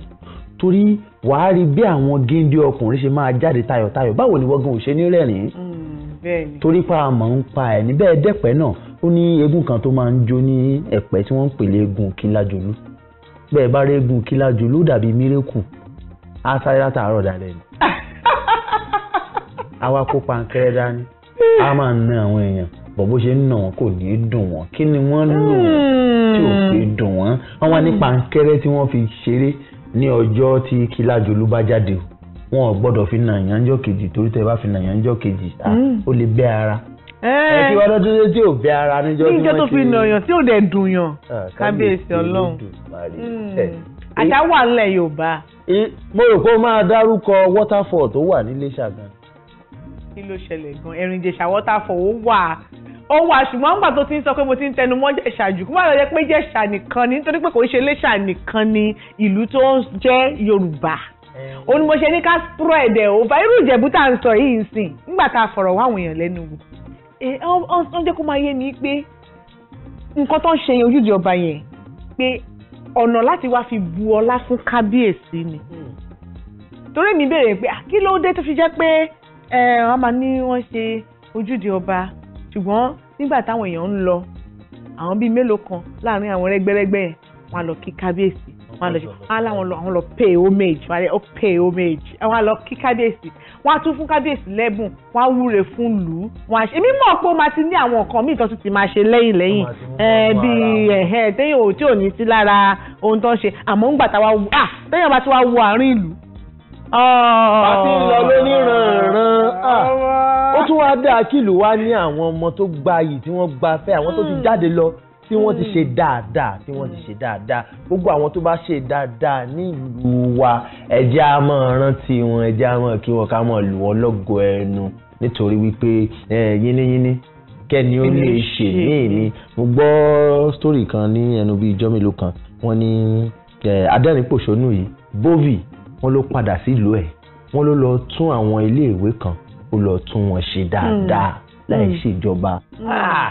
torí wàá rí bí àwọn géńdé ọkùnrin ṣe máa jáde tayọ̀tayọ̀ báwo ni wọ́n gan ò ṣe ní rẹ́rìn-ín torí pa àmọ́ ń pa ẹ̀ níbẹ̀ dẹ́pẹ́ náà ó ní eégún kan tó máa ń jó ní ẹ̀pẹ́ tí wọ́n ń pè léegun kílájolú bẹ́ẹ̀ bá rí eégún kílájolú dàbí mírèkù á látàárọ̀ dalẹ́ ni. Ah! àwa kó pankẹ́rẹ́ dání a máa na àwọn èèyàn bọ̀ bó ṣe ń nà wọ́n kò ní í dùn wọ́n kí ni wọ́n lò tí ò fi dùn wọ́n wọ́n wá ní hmm. pankẹ́rẹ́ tí wọ́n fi ṣeré ní ọjọ́ tí Kílájolú bá jáde o wọn ò gbọ́dọ̀ fi nà yànjọ́ kejì torí tẹ́ bá fi nà yànjọ́ kejì hmm. ó lè bẹ́ ara eh. ẹ kí wọ́n dọ́dún tó tí ò bẹ́ ara níjọ́ tí wọ́n ṣe níjọ́ tó fi nà yàn tí ò dẹ̀ dùn yàn ah, kábíyèsí ọlọ́run hmm. àṣà wà nílẹ̀ Yorùbá. mo rò pé ó máa dárúkọ waterfall tó wà ní Iléṣà gan kí ló ṣẹlẹ̀ gan ẹ̀rìn ìjẹ̀ṣà waterfall ó wà ó wà ṣùgbọ́n nígbà tó ti ń sọ pé mo ti ń tẹnu mọ́ jẹ̀ṣà jù kó má lọ jẹ́ pé jẹ̀ṣà nìkan ni nítorí pé kò ń ṣe iléṣà nìkan ni ìlú tó ń jẹ́ yorùbá ó ní mo ṣe ní ká spread ẹ̀ òfà irú ìjẹ̀bú tá à ń sọ yìí ń sìn nígbà tá a fọ̀rọ̀ wá àwọn èèyàn lẹ́nu wò wọ́n jẹ́ kó máa yé ni pé nǹkan tó ń ṣe yẹn ojúde ọba yẹn pé ọ̀nà láti wá fi bu ọlá fún kábíyèsí ni hmm. torí mi béèrè pé kí ló dé tó fi jẹ́ pé Eh, wọ́n máa ní wọ́n ṣe ojúde ọba ṣùgbọ́n nígbà táwọn èèyàn ń lọ àwọn bíi mélòó kan láàrin àwọn rẹ́gbẹ́rẹ́gbẹ́ yẹn wọ́n á lọ kí kábíyèsí wọ́n á lọ wọ́n á láwọn lọ àwọn lọ pay homage wọ́n á lọ pay homage wọ́n á lọ kí kábíyèsí wọ́n á tún fún kábíyèsí lẹ́bùn wọ́n á wúre fún lù ú wọ́n á ṣe èmi mọ̀ pé ó máa ti ní àwọn nǹkan míì tó ti máa ṣe lẹ́yìn lẹ́yìn eh, bíi ẹ̀hẹ́ téyàn tí ò ní sí lára ohun tó ń ṣe àmọ́ ń gbà táwa wù à ah, téyàn bá ti wá wọ àárín ìlú àti ìlọ lóní rànràn ó tún wáá dáa kìlú wá ní àwọn ọmọ tó gba yìí tí wọ́n gba fẹ́ àwọn tó ti hmm. jáde lọ tí wọ́n ti hmm. ṣe dáadáa tí wọ́n ti ṣe dáadáa gbogbo àwọn tó bá ṣe dáadáa ní ìlú wa ẹ á máa rántí wọn ẹ á máa kí wọn ká máa lù wọ́n lọ́gọ ẹnu nítorí wípé yínníyínní kẹ́ni ó lè ṣe míì ni mo gbọ́ sítórì kan ní ẹnu bíi ijọ́ mélòó kan wọ́n ní adẹ́rìnpòṣónú yìí bóvì wọ́n ló padà sílùú ẹ̀ wọ́n ló lọ tún àwọn iléèwé kan ó lọ tún wọn ṣe dáadáa hmm. láì hmm. ṣèjọba hmm. Ah!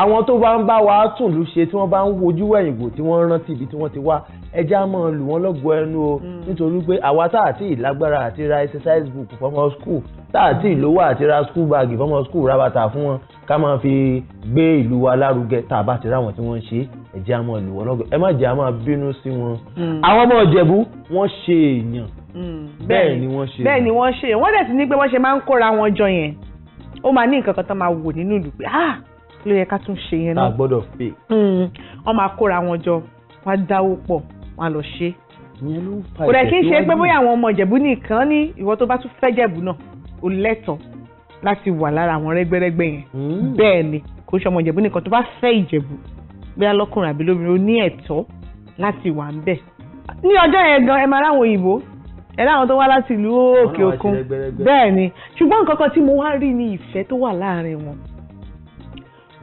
àwọn tó bá ń bá wa tún lù ṣe tí wọ́n bá ń wojú ẹ̀yìn wò tí wọ́n rántí ibi tí wọ́n ti wá ẹja máa lù wọ́n lọ́gọ ẹnu o nítorí pé àwa tá àti ìlágbára àti ra exercise book fọmọ school tá àti ìlówó àti ra school bag fọmọ school ra fún wọn ká máa fi gbé ìlú wa lárugẹ tá a bá ti ráwọn tí wọ́n ń ṣe ẹ jẹ́ àmọ́ ìlú wọn lọ́gọ̀ ẹ má A àmọ́ bínú sí wọn. Hmm. àwọn ọmọ ìjẹ̀bú wọ́n ṣe èèyàn hmm. bẹ́ẹ̀ ni wọ́n ṣe bẹ́ẹ̀ ni wọ́n ṣe èèyàn wọ́n dẹ̀ ti ní pé wọ́n ṣe máa ń kóra wọn jọ yẹn ó máa ní nǹkan kan tó máa wò nínú ìlú pé ah ló yẹ ká tún ṣe yẹn náà. tá a gbọ́dọ̀ fè. Hmm. wọ́n máa kóra wọn jọ wọ́n á dáwó pọ̀ wọ́n á lọ ṣe. kò dẹ̀ kí n ṣe pé bóyá àwọn ọmọ ìjẹ̀bú nìkan ní ìwọ tó bá tún fẹ́ jẹ̀bú náà ò lẹ́tọ̀ọ́ láti wà lára àwọn rẹ́gbẹ́rẹ́gbẹ́ yẹn bẹ́ẹ̀ ni kò ṣọmọ ìjẹ̀bú nìkan tó bá fẹ́ ìjẹ̀bú bóyá lọ́kùnrin àbí lóbìnrin ó ní ẹ̀tọ́ láti wà ń bẹ̀. ní ọjọ́ yẹn gan ẹ máa ráwọn òyìnbó ẹ láwọn tó wá láti ìlú òkè òkun bẹ́ẹ̀ ni ṣùgbọ́n nǹkan kan tí mo wá rí ni ìfẹ́ tó wà láàrin wọn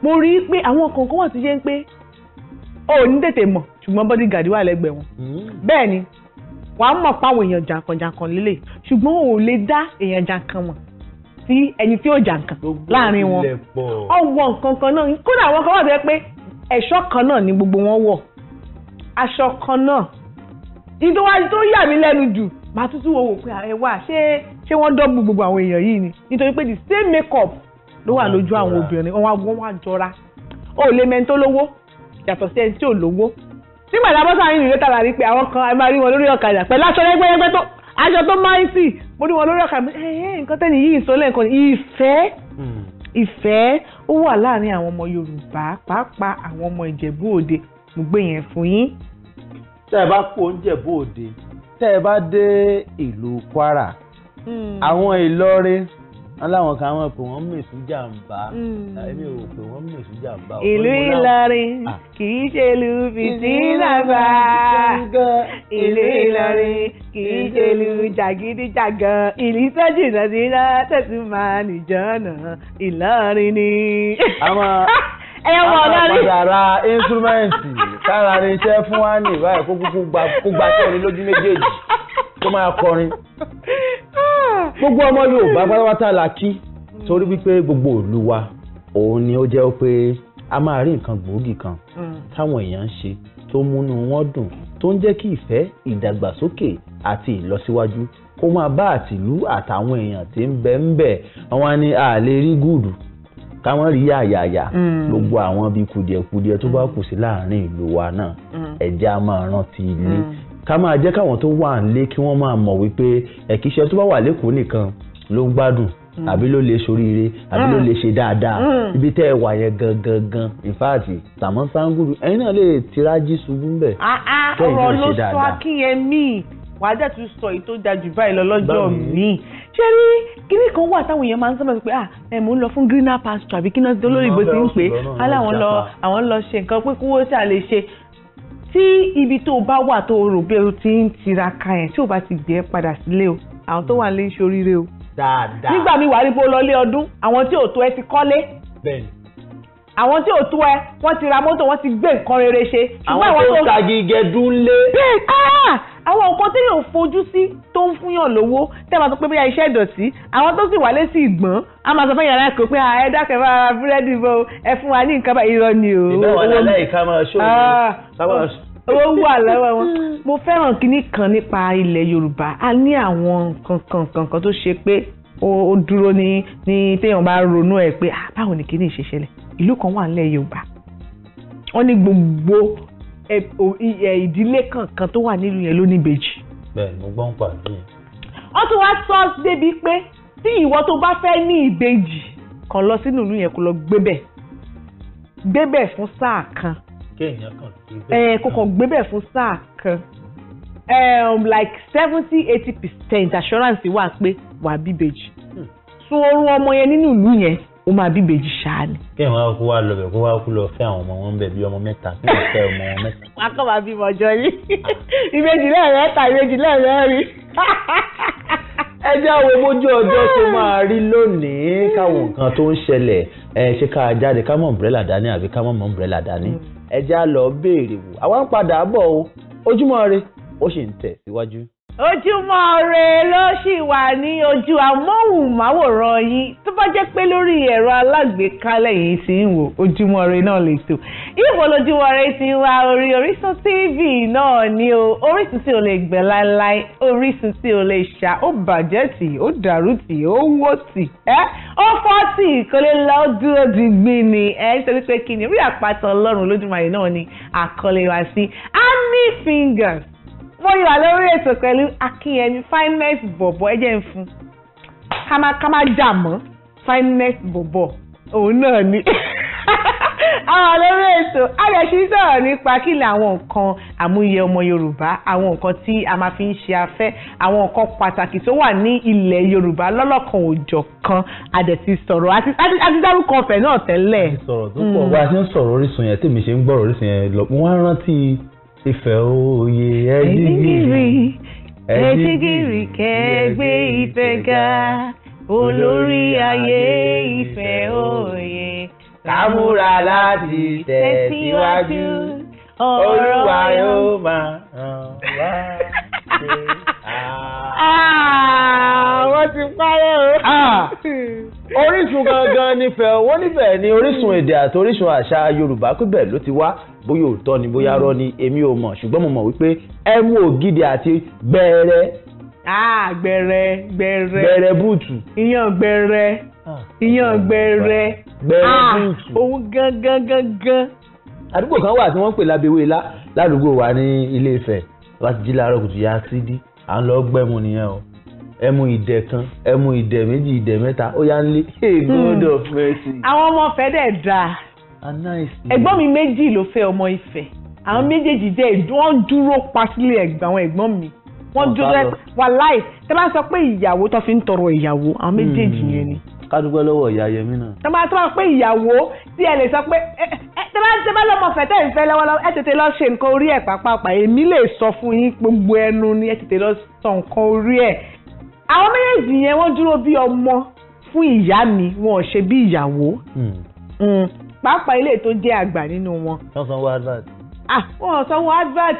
mo rí i pé àwọn kọ̀ọ̀kan wà tó jẹ́ pé o ò ní tètè mọ̀ ṣùgbọ́n bodyguard wà lẹ́gbẹ̀ẹ́ wọn hmm. bẹ́ẹ̀ ni wàá mọ̀ páwọn èèyàn jàǹkànjàǹkàn lélẹ̀ ṣùgbọ́n o ò lè dá èèyàn jàǹkàn mọ̀ sí ẹni tí ó jàǹkàn láàrin wọn ọwọ́ nǹkan kan náà kódà àwọn kan wà tó jẹ́ pé ẹ̀ṣọ́ kan náà ni gbogbo wọn wọ̀ aṣọ kan náà nítorí tó yà mí lẹ́nu jù màá tún tún wò wò pé ẹ wà ṣé ṣé wọ́n dọ́gbù gbogbo àwọn èèyàn yìí ni nítorí pé the same makeup ló wà lójú àwọn obìnrin wọn wá jọra ó lè mẹ́ni tó lówó yàtọ̀ sí ẹni tí ò lówó nígbà tí abọ́sà yìí nìyẹn tàbí pé àwọn kan a máa rí wọn lórí ọ̀kadà pẹ̀lú aṣọ ẹgbẹ́yẹgbẹ́ tó aṣọ tó máa ń sì mo rí wọn lórí ọ̀kadà ẹ ẹ nǹkan tẹ́ni yìí ìsọlẹ̀ nǹkan ìfẹ́ hmm ìfẹ́ ó wà láàrin àwọn ọmọ Yorùbá pàápàá àwọn ọmọ Ìjẹ̀bú Òde mo gbé yẹn fún yín. tẹ́ ẹ bá kó oúnjẹ bó tẹ́ ẹ bá dé ìlú Kwara hmm. àwọn Ìlọrin wọn láwọn kan wọn pè wọn mèsù jàǹbá hmm. èmi ò pè wọn mèsù jàǹbá. ìlú Ìlọrin ah. kì í ṣe ìlú fìtínà ìlú Ìlọrin kì í ṣe ìlú jàgídíjàgan ìlú tó jìnnà tẹ̀sí máa nìjọ́nà Ìlọrin ni. àwọn [laughs] ẹwọ lórí. àpàdàrà instrumenti kára irinṣẹ́ fún wa ní ìbáyìí kó kúkú gba tó ní lójú méjèèjì tó máa kọrin [laughs] gbogbo ọmọ Yorùbá pátápátá la kí torí wípé gbogbo ìlú wa òun ni ó jẹ́ pé a máa rí nǹkan gbòógì kan táwọn èèyàn ń ṣe tó múnú wọn dùn tó ń jẹ́ kí ìfẹ́ ìdàgbàsókè àti ìlọsíwájú kó máa bá àtìlú àtàwọn èèyàn tí ń bẹ ń bẹ wọn ni a lè rí gùdù káwọn rí yàyàyà mm. gbogbo àwọn bíi kùdìẹ̀kudiẹ tó bá kù sí láàrin ìlú wa náà mm. ẹ̀jẹ̀ a máa rántí ilé mm ká máa jẹ́ káwọn tó wà nílé kí wọ́n máa mọ̀ wípé ẹ̀kíṣẹ́ tó bá wà lẹ́kọ̀ọ́ nìkan ló ń gbádùn mm. àbí ló lè soríire àbí ló mm. lè ṣe dáadáa mm. ibi tẹ́ ẹ wà yẹn gangan in fact Sàámú Ṣàngórì ẹ̀yin náà lè tirájí ṣubú ń bẹ̀ kẹ́ ìyẹn ṣe dáadáa. ọ̀rọ̀ ló sọ Akínyẹmí wàá dẹ̀ tún sọ èyí tó da jù báyìí lọ lọ́jọ́ míì ṣé rí kíní kan wà táwọn èèyàn máa ń sábà pé ah ẹ mò ń lọ fún greener pasture àbí kí náà ti olórí ìbò ti ń pè é aláwọn lọ àwọn lọ ṣe nǹkan pé kówó ṣáà lè ṣe tí ibi tó o bá wà tó o rò pé o ti ń tiraka yẹn tí o bá ti gbé e padà sílé o àwọn tó wà ń lé ń ṣoríire o. dáadáa nígbà mi wà níbo lọlé ọdún àwọn tí ò tó ẹ ti kọ́lé. bẹ́ẹ̀ni. àwọn tí ò tó ẹ wọ́n ti ra mọ́tò wọ́n ti gbé nǹkan rere ṣe. àwọn tó ń ta gígẹ dúnlé. bẹ́ẹ̀ ah, ah, àwọn nǹkan tí yóò fojú sí tó ń fún yàn lówó tẹ́ máa sọ pé bóyá iṣẹ́ ìdọ̀tí àwọn tó sì wálé sí ìgbọ́n a máa sọ fún yàrá ẹ̀kọ́ pé ah, ẹ dákẹ́ bá búrẹ́dì bò ẹ fún wa ní nǹkan bá irọ́ ni o. ìbẹ̀wò alẹ́ ìka máa ṣó owó wà lọ́wọ́ wọn mo fẹ́ràn kinní kan nípa ilẹ̀ Yorùbá a ní àwọn kankan kankan tó ṣe pé ó dúró ní ní téèyàn bá ronú ẹ̀ pé báwo ni kinní ṣe ṣẹlẹ̀ ìlú kan wà nílẹ̀ Yorùbá wọ́n ní gbogbo ìdílé kankan tó wà nílùú yẹn ló ní ìbejì. bẹ́ẹ̀ mo gbọ́ ń pàdé. wọ́n tún wá sọ débi pé tí ìwọ tó bá fẹ́ ní ìbejì kàn lọ sínú ìlú yẹn kó lọ gbébẹ̀ gbébẹ̀ fún sáà kan kéèyàn kàn gbé eh, bẹ́ẹ̀. kò kàn gbé bẹ́ẹ̀ fún sáà kan um, like seventy eighty percent assurance wà pé wà á bíbejì hmm. sun oorun ọmọ yẹn nínú ìlú yẹn ó máa bíbejì ṣáá ni. kí ẹ̀wọ̀n kó wá lọ́bẹ̀ kó wá kú lọ fẹ́ àwọn ọmọ wọn bẹ̀ bí ọmọ mẹ́ta kí wọ́n fẹ́ ọmọ wọn mẹ́ta. wàá kọ́ máa bímọ ọjọ́ yìí ìbejì lẹ́ẹ̀mẹ́ta ìbejì lẹ́ẹ̀mẹ́rin ẹ jẹ́ àwọn ojú ọjọ́ tó máa rí lónìí káwọn nǹkan tó ń ṣẹlẹ̀ ẹ ṣe ká jáde ká mọ̀ ọ̀mbrẹ́là dání àbí ká mọ̀ ọ̀mbrẹ́là dání. Mm ẹja lọ béèrè wò àwa ń padà bọ̀ o ojúmọ́ ire ó sì ń tẹ̀síwájú ojúmọ́ ire ló ṣì wà ní ojú amóhùnmáwòrán yín tó bá jẹ́ pé lórí ẹ̀rọ alágbèéká lẹ́yìn tí ń wò ojúmọ́ ire náà lè tó ìwò lójúmọ́ ire ti wá orí Orísun TV náà ni o Orísun tí o lè gbẹ láéláé Orísun tí o lè ṣá ó bàjẹ́ tì ó dàrú tì ó wó tì ẹ́ ó fọ́ tì kò lè lọ dúró digbí ni ẹ́ nítorí pé kí ni orí àpáta Ọlọ́run Olódùmarè náà ni àkọlé wa sí honey fingers wọ́n yóò wà lórí ètò pẹ̀lú akínyẹmí fineness bọ̀bọ̀ ẹ̀jẹ̀ ń fún ká má jà mọ́ fineness bọ̀bọ̀ òun náà ni [laughs] àwọn lórí ètò ayọ̀sí sọ̀rọ̀ nípa kí ni àwọn nǹkan àmúyẹ ọmọ yorùbá àwọn nǹkan tí a máa fi ń ṣe afẹ́ àwọn nǹkan pàtàkì tó wà ní ilẹ̀ yorùbá lọ́lọ́kan òòjọ́ kan àdẹ̀sí sọ̀rọ̀ àti dárúkọ ọ̀fẹ́ náà tẹ́lẹ̀. sọ̀rọ̀ tó pọ̀ wá sí ń sọ̀rọ̀ orísun yẹn tèmi ṣe ń gbọ́rọ̀ orísun yẹn lọ wọ́n á rántí Ifẹ̀ òye ẹ̀jígìrì ẹ̀jígìrì kẹ́gbẹ́ Ifẹ̀ ga olórí ayé Ifẹ̀ òye lámúra láti tẹ̀síwájú olúwa yóò máa ràn wá ṣe. wọ́n ti parẹ́ o. Ah. [laughs] orísun gangan nífẹ̀ẹ́ owó nífẹ̀ẹ́ ni orísun èdè àti orísun àṣà yorùbá pípẹ́ ló ti wá bóyá òótọ́ ni bóyá rọ́ ni èmi ò mọ̀ ṣùgbọ́n mo mọ̀ wípé ẹmu ògidì àti gbẹrẹ. gbẹrẹ gbẹrẹ gbẹrẹ búùtù. ìyàn gbẹrẹ ìyàn gbẹrẹ gbẹrẹ búùtù. òun gangan gangan. àdúgbò kan wà tí wọ́n ń pè lábẹ́wé ilá ládùúgbò wa ní ilé Ifẹ̀ wá ti jí láàárọ̀ kùtù yá sídìí à ń lọ gbẹ́mu nìyẹn o ẹmu ìdẹ kan ẹmu ìdẹ méjì ìdẹ mẹ́ta ó yá ń lé hey hmm. god of mercy. àwọn ọmọ ọ̀fẹ́ dẹ̀ dáa ẹ̀gbọ́n mi méjì ló fẹ́ ọmọ Ifẹ̀ àwọn hmm. méjèèjì dẹ̀ wọ́n dúró pa sílé ẹ̀gbọ́n àwọn ẹ̀gbọ́n mi wọ́n dúró wà láì tẹ́ bá sọ pé ìyàwó tó fi ń tọrọ ìyàwó àwọn hmm. méjèèjì yẹn ni ká dúpẹ́ lọ́wọ́ ìyá yẹmí náà. tó máa tó máa pé ìyàwó tí ẹ lè sọ pé tó bá tó bá lọ́mọ fẹ̀tẹ́ ìfẹ́ lọ́wọ́lọ́wọ́ ẹ tètè lọ ṣe nǹkan orí ẹ̀ pàápàá èmi lè sọ fún yín gbogbo ẹnu ni ẹ tètè lọ sọ nǹkan orí ẹ̀ àwọn méjèèjì yẹn wọ́n dúró bí ọmọ fún ìyá mi wọn ò ṣe bí ìyàwó hmm. Hmm. pàápàá ilé tó jẹ́ àgbà nínú wọn. wọ́n sanwó advert. ah wọ́n sanwó advert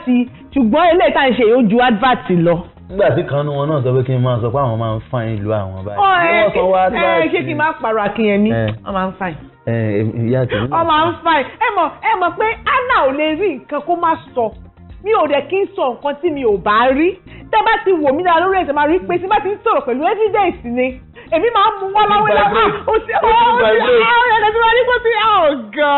ṣùgbọ́n ilé tá à ń ṣe yóò ju advert lọ nígbà tí kan nu wọn náà sọ pé kí n máa sọ pé àwọn máa ń fàìn ìlú àwọn báyìí. ọ ẹ ẹ ṣé kí n máa pààrọ̀ àkínyẹmí eh. ọ máa ń fàìn. Eh, ìyá tèmi. ọ máa ń fàìn ẹ mọ̀ ẹ mọ̀ pé anna ò lè rí nǹkan kó má sọ mi ò dẹ̀ kí n sọ nǹkan tí mi ò bá rí tẹ́ bá ti wò mí dára lórí ẹ̀jẹ̀ máa rí pé tí bá ti ń sọ̀rọ̀ pẹ̀lú evidence ni èmi máa ń mú wá láwé lápá ah, ó ti ó ti máa rí kó ti ọ̀gá.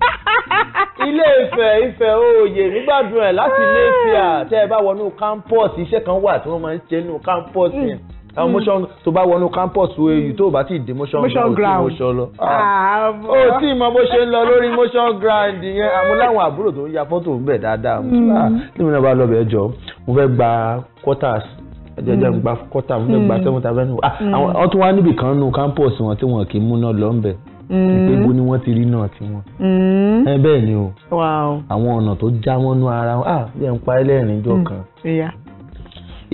Ah, oh, ilé Ifẹ̀ Ifẹ̀ oyè nígbàdùn ẹ̀ láti ilé Ifẹ̀ tẹ́ ẹ bá wọnú campus iṣẹ́ kan wà tí wọ́n máa ń ṣe nínú campus yẹn àwọn hmm. motion tó bá wọnú campus èyí hmm. tó bá ti di motion ground ó ti motion lọ. Ah. ó tí mo bó ṣe ń lọ lórí motion ground yẹn àmúláwọn àbúrò tó ń ya fọ́tò ń bẹ̀ dáadáa hmm. ah, tí mo náà bá lọ bẹ̀ jọ mo fẹ́ gba quarters jẹjẹ gba quarter mo fẹ́ gba seven thousand ah àwọn tó wá níbì kan nu campus wọn tí wọn kì í múná lọ ń bẹ̀ ìpébo ni wọ́n ti rí náà tí wọ́n. ẹ ni o àwọn ọ̀nà tó já wọ́n ara wọn ah yẹn ń pa ẹlẹ́rìí jọ kan.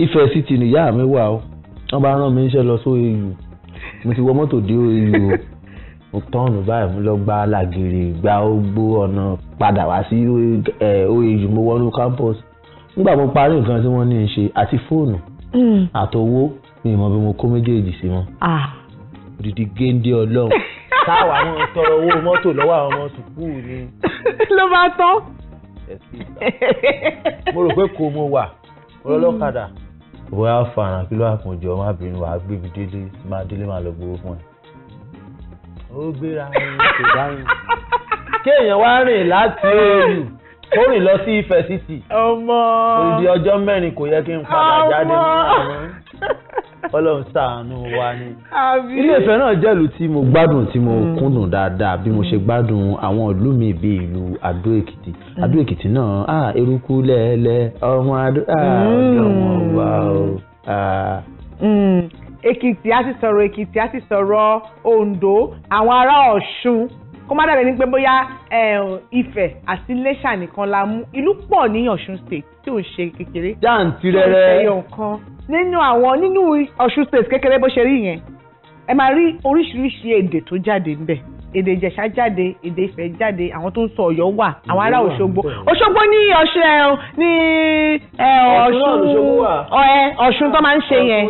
Ifẹ̀ sí ti nìyá mi wà o wọ́n bá rán mi níṣẹ́ lọ sí OAU mo ti wọ mọ́tò dé OAU mo tọ́ọ̀nù báyìí mo lọ gba làgèrè gba ogbó ọ̀nà padà wá sí OAU mo wọnú campus nígbà mo parí nǹkan tí wọ́n ní í ṣe àti fóònù hmm. àtowó mi ìmọ̀ bí mo kó méjèèjì sí wọn odidi géńdé ọlọ́run táwa wọn tọrọ owó mọ́tò lọ́wọ́ àwọn ọmọ sùkúù ni. ló bá tán. mo rò pé kò mo wà ọlọ́kadà bóyá fara kí ló àkùnjọ má bínú wàá gbébi délé má délé má lọ gbowó fún ẹ. ó gbéra kò dáhùn. kéèyàn wá rìn láti ooru ó rìn lọ sí Ifẹ̀ City. ọmọ òdì ọjọ́ mẹ́rin kò yẹ kí n padà jáde nínú àwọn. Ọlọ́run ṣàánú wa ni. Ilé-Ifẹ̀ náà jẹ́ ìlú tí mo gbádùn tí mo mm. kúndùn dáadáa bí mo ṣe gbádùn àwọn ìlú mi bíi ìlú Adó Èkìtì mm. Adó Èkìtì náà a eruku lẹ́ẹ̀lẹ́ ọmọ Adó mm. ọ̀dọ́ wọn wá o. Èkìtì a ti sọ̀rọ̀ Èkìtì a ti sọ̀rọ̀ Oǹdó àwọn ará Ọ̀ṣun kó má dàbẹ̀ ní pé bóyá eh, Ifẹ̀ àti Iléṣà nìkan la mú ìlú pọ̀ ní Ọ̀ṣun state tí ò ń ṣe kékeré jàǹtìrẹrẹ nínú àwọn nínú Ọ̀ṣun state kékeré bó ṣe rí yẹn ẹ máa rí oríṣiríṣi èdè tó jáde ńbẹ̀ èdè ìjẹ̀ṣà jáde èdè ìfẹ́ jáde àwọn tó ń sọ ọ̀yọ́ wà àwọn ará òṣogbo òṣogbo ní ọ̀ṣẹ́ ní ọ̀ṣun ọ̀ṣun tó máa ń ṣe yẹn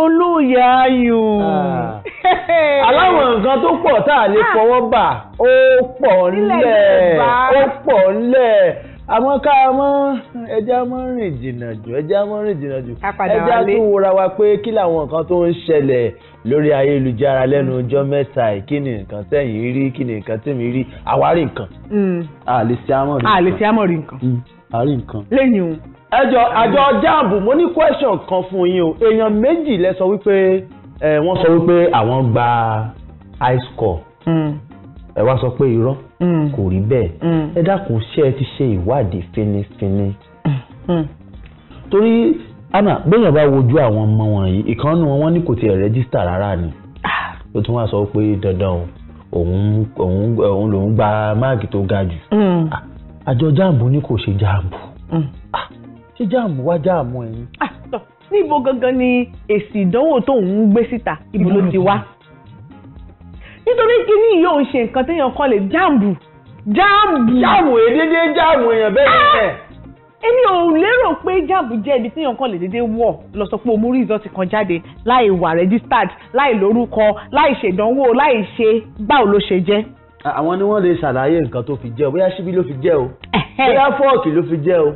olóòyà ayùn. Ah. [laughs] aláwọ̀ nǹkan tó pọ̀ tá a lè ah. fọwọ́ bà ó pọ̀ ńlẹ̀ ó pọ̀ ńlẹ̀ àmọ́ ká mọ́ ẹja mọ́ rìn jìnnà jù ẹja mọ́ rìn jìnnà jù ẹja tún wúra wa pé kí làwọn nǹkan tó ń ṣẹlẹ̀ lórí ayélujára lẹ́nu mm. ọjọ́ mẹ́ta yìí kí ni nǹkan tẹ̀yìn rí kí ni nǹkan tẹ̀mí rí àwárí nǹkan. àlèsí mm. àmọ̀rí nǹkan àlèsí àmọ̀rí lẹ́yìn o. ẹ àjọ jáàbù mo ní question kan fún yín o èèyàn méjì lẹ sọ wípé wọ́n sọ wípé àwọn gba high score mm. ẹ wá sọ pé irọ́. Mm. kò rí bẹ́ẹ̀ mm. ẹ dákun ṣé ẹ ti ṣe ìwádìí fínífíní. Mm. torí ana béèyàn bá wojú àwọn ọmọ wọ̀nyí ìkànnì wọn wọ́n ní kò tiẹ̀ rẹ́gísítà rárá ni ah. ó tún wá sọ pé dandan òun òun lòun gba máàkì tó ga jù ah, àjọ jáàmù ni kò ṣe jáàmù ah, ṣé jáàmù wá jáàmù ẹ̀yìn. níbo gangan ni èsì ìdánwò tó ń gbé síta ibo ló ti wá nítorí kíní yìí ò ń ṣe nǹkan téèyàn kọ́ lè jáàmù jáàmù. jáàmù èdèdè jáàmù èèyàn bẹ́ẹ̀ ah! bẹ́ẹ̀. èmi ò lérò pé jáàmù jẹ́ ibi téèyàn kọ́ lè dédé wọ̀ lọ sọ pé omú result kan jáde láì wà registered láì lórúkọ láì ṣèdánwò láì ṣe báwo ló ṣe jẹ́. Ah, àwọn ni wọ́n lè ṣàlàyé nǹkan tó fi jẹ́ o bóyá ṣíbí ló fi jẹ́ o bóyá fọ́ọ̀kì ló fi jẹ́ o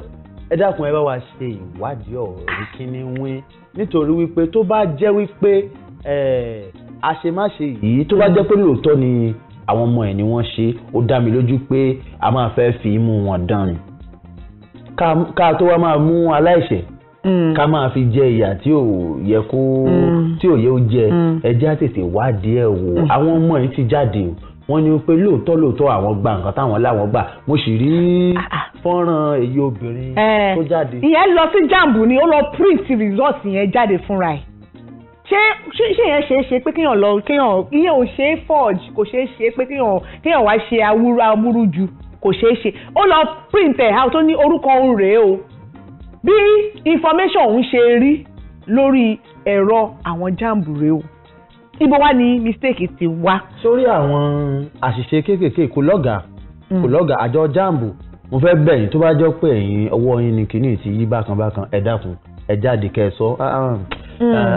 ẹ dákun ẹ bá wa ṣe ìwádìí ọ̀rọ̀ kíní wín nítorí wípé tó bá jẹ́ wípé eh, àṣemáṣe yìí tó bá jẹ́ pé lóòótọ́ ni àwọn ọmọ ẹ̀ ni wọ́n ṣe ó dá mi lójú pé a máa fẹ́ fi imú wọn dán ni ká tó wá máa mú aláìṣẹ̀ mm. ká máa fi jẹ ìyà tí ò yẹ kó mm. tí ò yẹ ó jẹ mm. ẹjẹ́ á tètè wádìí ẹ̀ wò àwọn ọmọ yìí ti jáde o wọ́n ní pé lóòótọ́ lóòótọ́ àwọn gba nǹkan táwọn láwọn gbà mo sì rí fọ́nrán èyí obìnrin eh, tó jáde. ìyẹn lọ sí jambu ni ó lọ print result yẹn jáde fúnra ẹ̀ ṣé ṣé ṣé yẹn ṣeé ṣe pé kéèyàn lọ kéèyàn ìyẹn ò ṣeé forge kò ṣeé ṣe pé kéèyàn kéèyàn wá ṣe awúrú amúrú ju kò ṣeé ṣe ó lọ print ẹ̀ out ó ní orúkọ òun rèé o bí information òun ṣe rí lórí ẹ̀rọ àwọn jamb rèé o ibo wá ni mistake ti wá. sórí àwọn àṣìṣe kéékèèké kò lọ́gàá kò hmm. lọ́gàá àjọ jamb mo fẹ́ bẹ̀yìn tó bá jọ pé ẹ̀yin ọwọ́ yín ni kìíní ti yí bákan bákan ẹ dákun ẹ jáde kẹ́ ẹ sọ ah, ah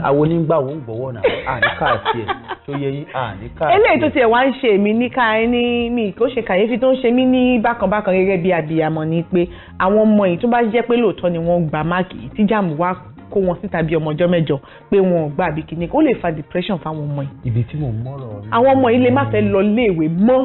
àwọn onígbà wo ń gbọ́wọ́ náà àní káàkiri ẹ̀ tó yẹ yín àní káàkiri. eléyìí tó tiẹ̀ wá ń ṣe èmi ní ká ẹni mi kò ṣe kàyéfì tó ń ṣe mí ní bákanbákan gẹ́gẹ́ bí abiyamọ ni pé àwọn ọmọ yìí tó bá jẹ́ pé lóòótọ́ ni wọ́n gba máàkì tí jàmù wá kó wọn síta bí ọmọ ọjọ́ mẹ́jọ pé wọn ò gbà bí kìíní ó lè fa depression fáwọn ọmọ yìí. ibi tí mo mọ̀rọ̀ rẹ. àwọn ọmọ yìí lè má fẹ́ lọ léèwé mọ́.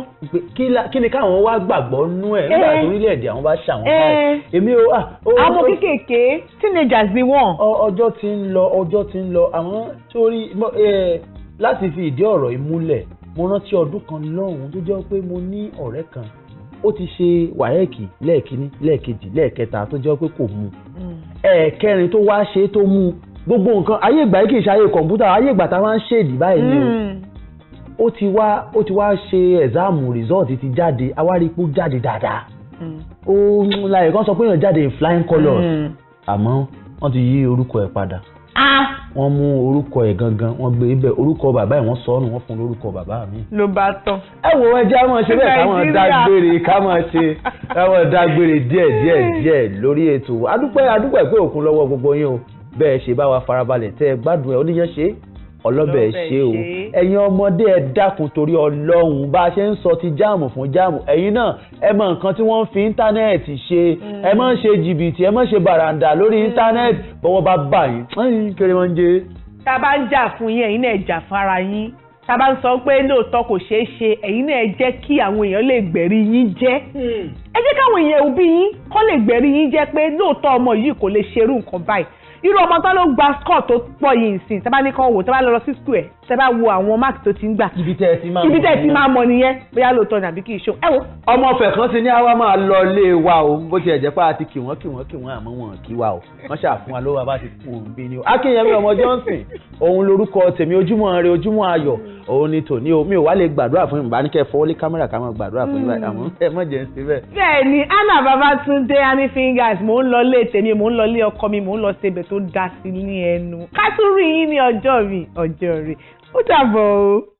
kí ni káwọn wá gbàgbọ́ nú ẹ̀ nígbà eh. tó orílẹ̀-èdè àwọn bá ṣàwọn eh. báyìí. èmi ah, o. àwọn kéékèèké teenagers ni wọ́n. ọjọ́ ti ń lọ ọjọ́ ti ń lọ àwọn torí eh, láti fi ìdí ọ̀rọ̀ yìí múlẹ̀ mo rántí ọdún kan lọ́hùn tó jẹ́ pé mo ní ọ̀rẹ́ kan ó ti ṣe wáyẹ́ẹ̀kì lẹ́ẹ̀kínní lẹ́ẹ̀kejì lẹ́ẹ̀kẹta tó jẹ́ pé kò mu ẹ̀ẹ̀kẹrin tó wá ṣe tó mú gbogbo nǹkan ayé ìgbà yìí kì í ṣe ayé kọ̀ǹpútà ayé ìgbà tá a máa ń ṣèdí báyìí ni hmm. ó ti wá ó ti wá ṣe ẹ̀sáàmù rìsọ́ọ̀tì ti jáde awárípò jáde dáadáa hmm. ó láyé kan sọ pé èèyàn jáde in flying colours hmm. àmọ́ wọ́n ti yí orúkọ ẹ̀ padà wọ́n mú orúkọ ẹ̀ gangan wọ́n gbé ibẹ̀ orúkọ bàbá ẹ̀ wọ́n sọ ọ́nù wọ́n fún lórúkọ bàbá mi. ló bá tán. ẹ wo ẹjẹ a máa ṣe bẹ́ẹ̀ ká máa dágbére ká máa ṣe ká máa dágbére díẹ̀ díẹ̀ díẹ̀ lórí ètò adúpẹ́ adúpẹ́ pé òkun lọ́wọ́ gbogbo yín o bẹ́ẹ̀ ṣe bá wa farabalẹ̀ tẹ́ ẹ gbádùn ẹ oníyẹn ọlọ́bẹ̀ ṣe o ẹ̀yin ọmọdé ẹ dákun torí ọlọ́run bá a ṣe ń sọ ti jáàmù fún jáàmù ẹ̀yin náà ẹ mọ nǹkan tí wọ́n fi íńtánẹ́ẹ̀tì ṣe ẹ má mm. ṣe jìbìtì ẹ má ṣe bàràǹdà lórí mm. íńtánẹ́ẹ̀tì bọ́wọ́ bá bà yín ẹ̀yin kéré máa ń jẹ. tá a bá ń jà fún yín ẹ̀yin náà ẹ jà fara yín tá a bá ń sọ pé lóòótọ́ kò ṣeé ṣe ẹ̀yin náà ẹ jẹ́ kí àwọn èèyàn lè gbẹ̀rí yín jẹ́ mm. ẹ jẹ́ káwọn èèyàn òbí yín kọ́ lè gbẹ̀rí yín jẹ́ pé lóòótọ́ ọmọ yìí kò lè ṣerú nǹkan báyìí irú ọmọ tó ló gba score tó pọ̀ yìí nsìn tẹ́ bá ní kàn wò tẹ́ bá lọ sí school ẹ̀ tẹ́ bá wo àwọn mark tó ti ń gbà. ibi tẹ́ ẹ ti máa mọ ibi tẹ́ ẹ ti máa mọ nìyẹn bóyá lóòótọ́ ni àbí kì í ṣó. ẹ wo. ọmọ ọ̀fẹ́ kan ti ní àwa máa lọ ilé wa o bó ti ẹ̀jẹ̀ pa àti kì wọ́n kì wọ́n kì wọ́n àmọ́ wọn kì wá o wọ́n ṣàfún wa lówó abá ti kú òun bí ni o. akínyẹmí ọmọ johnson òun lorúkọ tèmi ojúmọ́ rẹ ojúmọ́ ayọ̀ òun ni tòní o mi ò wá lè gbàdúrà fún ìbá ní fọwọ́ lé kámẹ́rà ká máa gbàdúrà fún ìbá àmọ́ ẹ mọ̀ jẹ́ sí bẹ́ẹ̀. bẹ́ẹ̀ anna babatunde honey fingers mò ń lọ lé tèmi mò ń lọ lé ọkọ mi mò ń lọ sebẹ̀ tó dá sí ní ẹnu ká tún rí yín ní ọjọ́ mi ọjọ́ rẹ̀ ó dàbọ̀ o.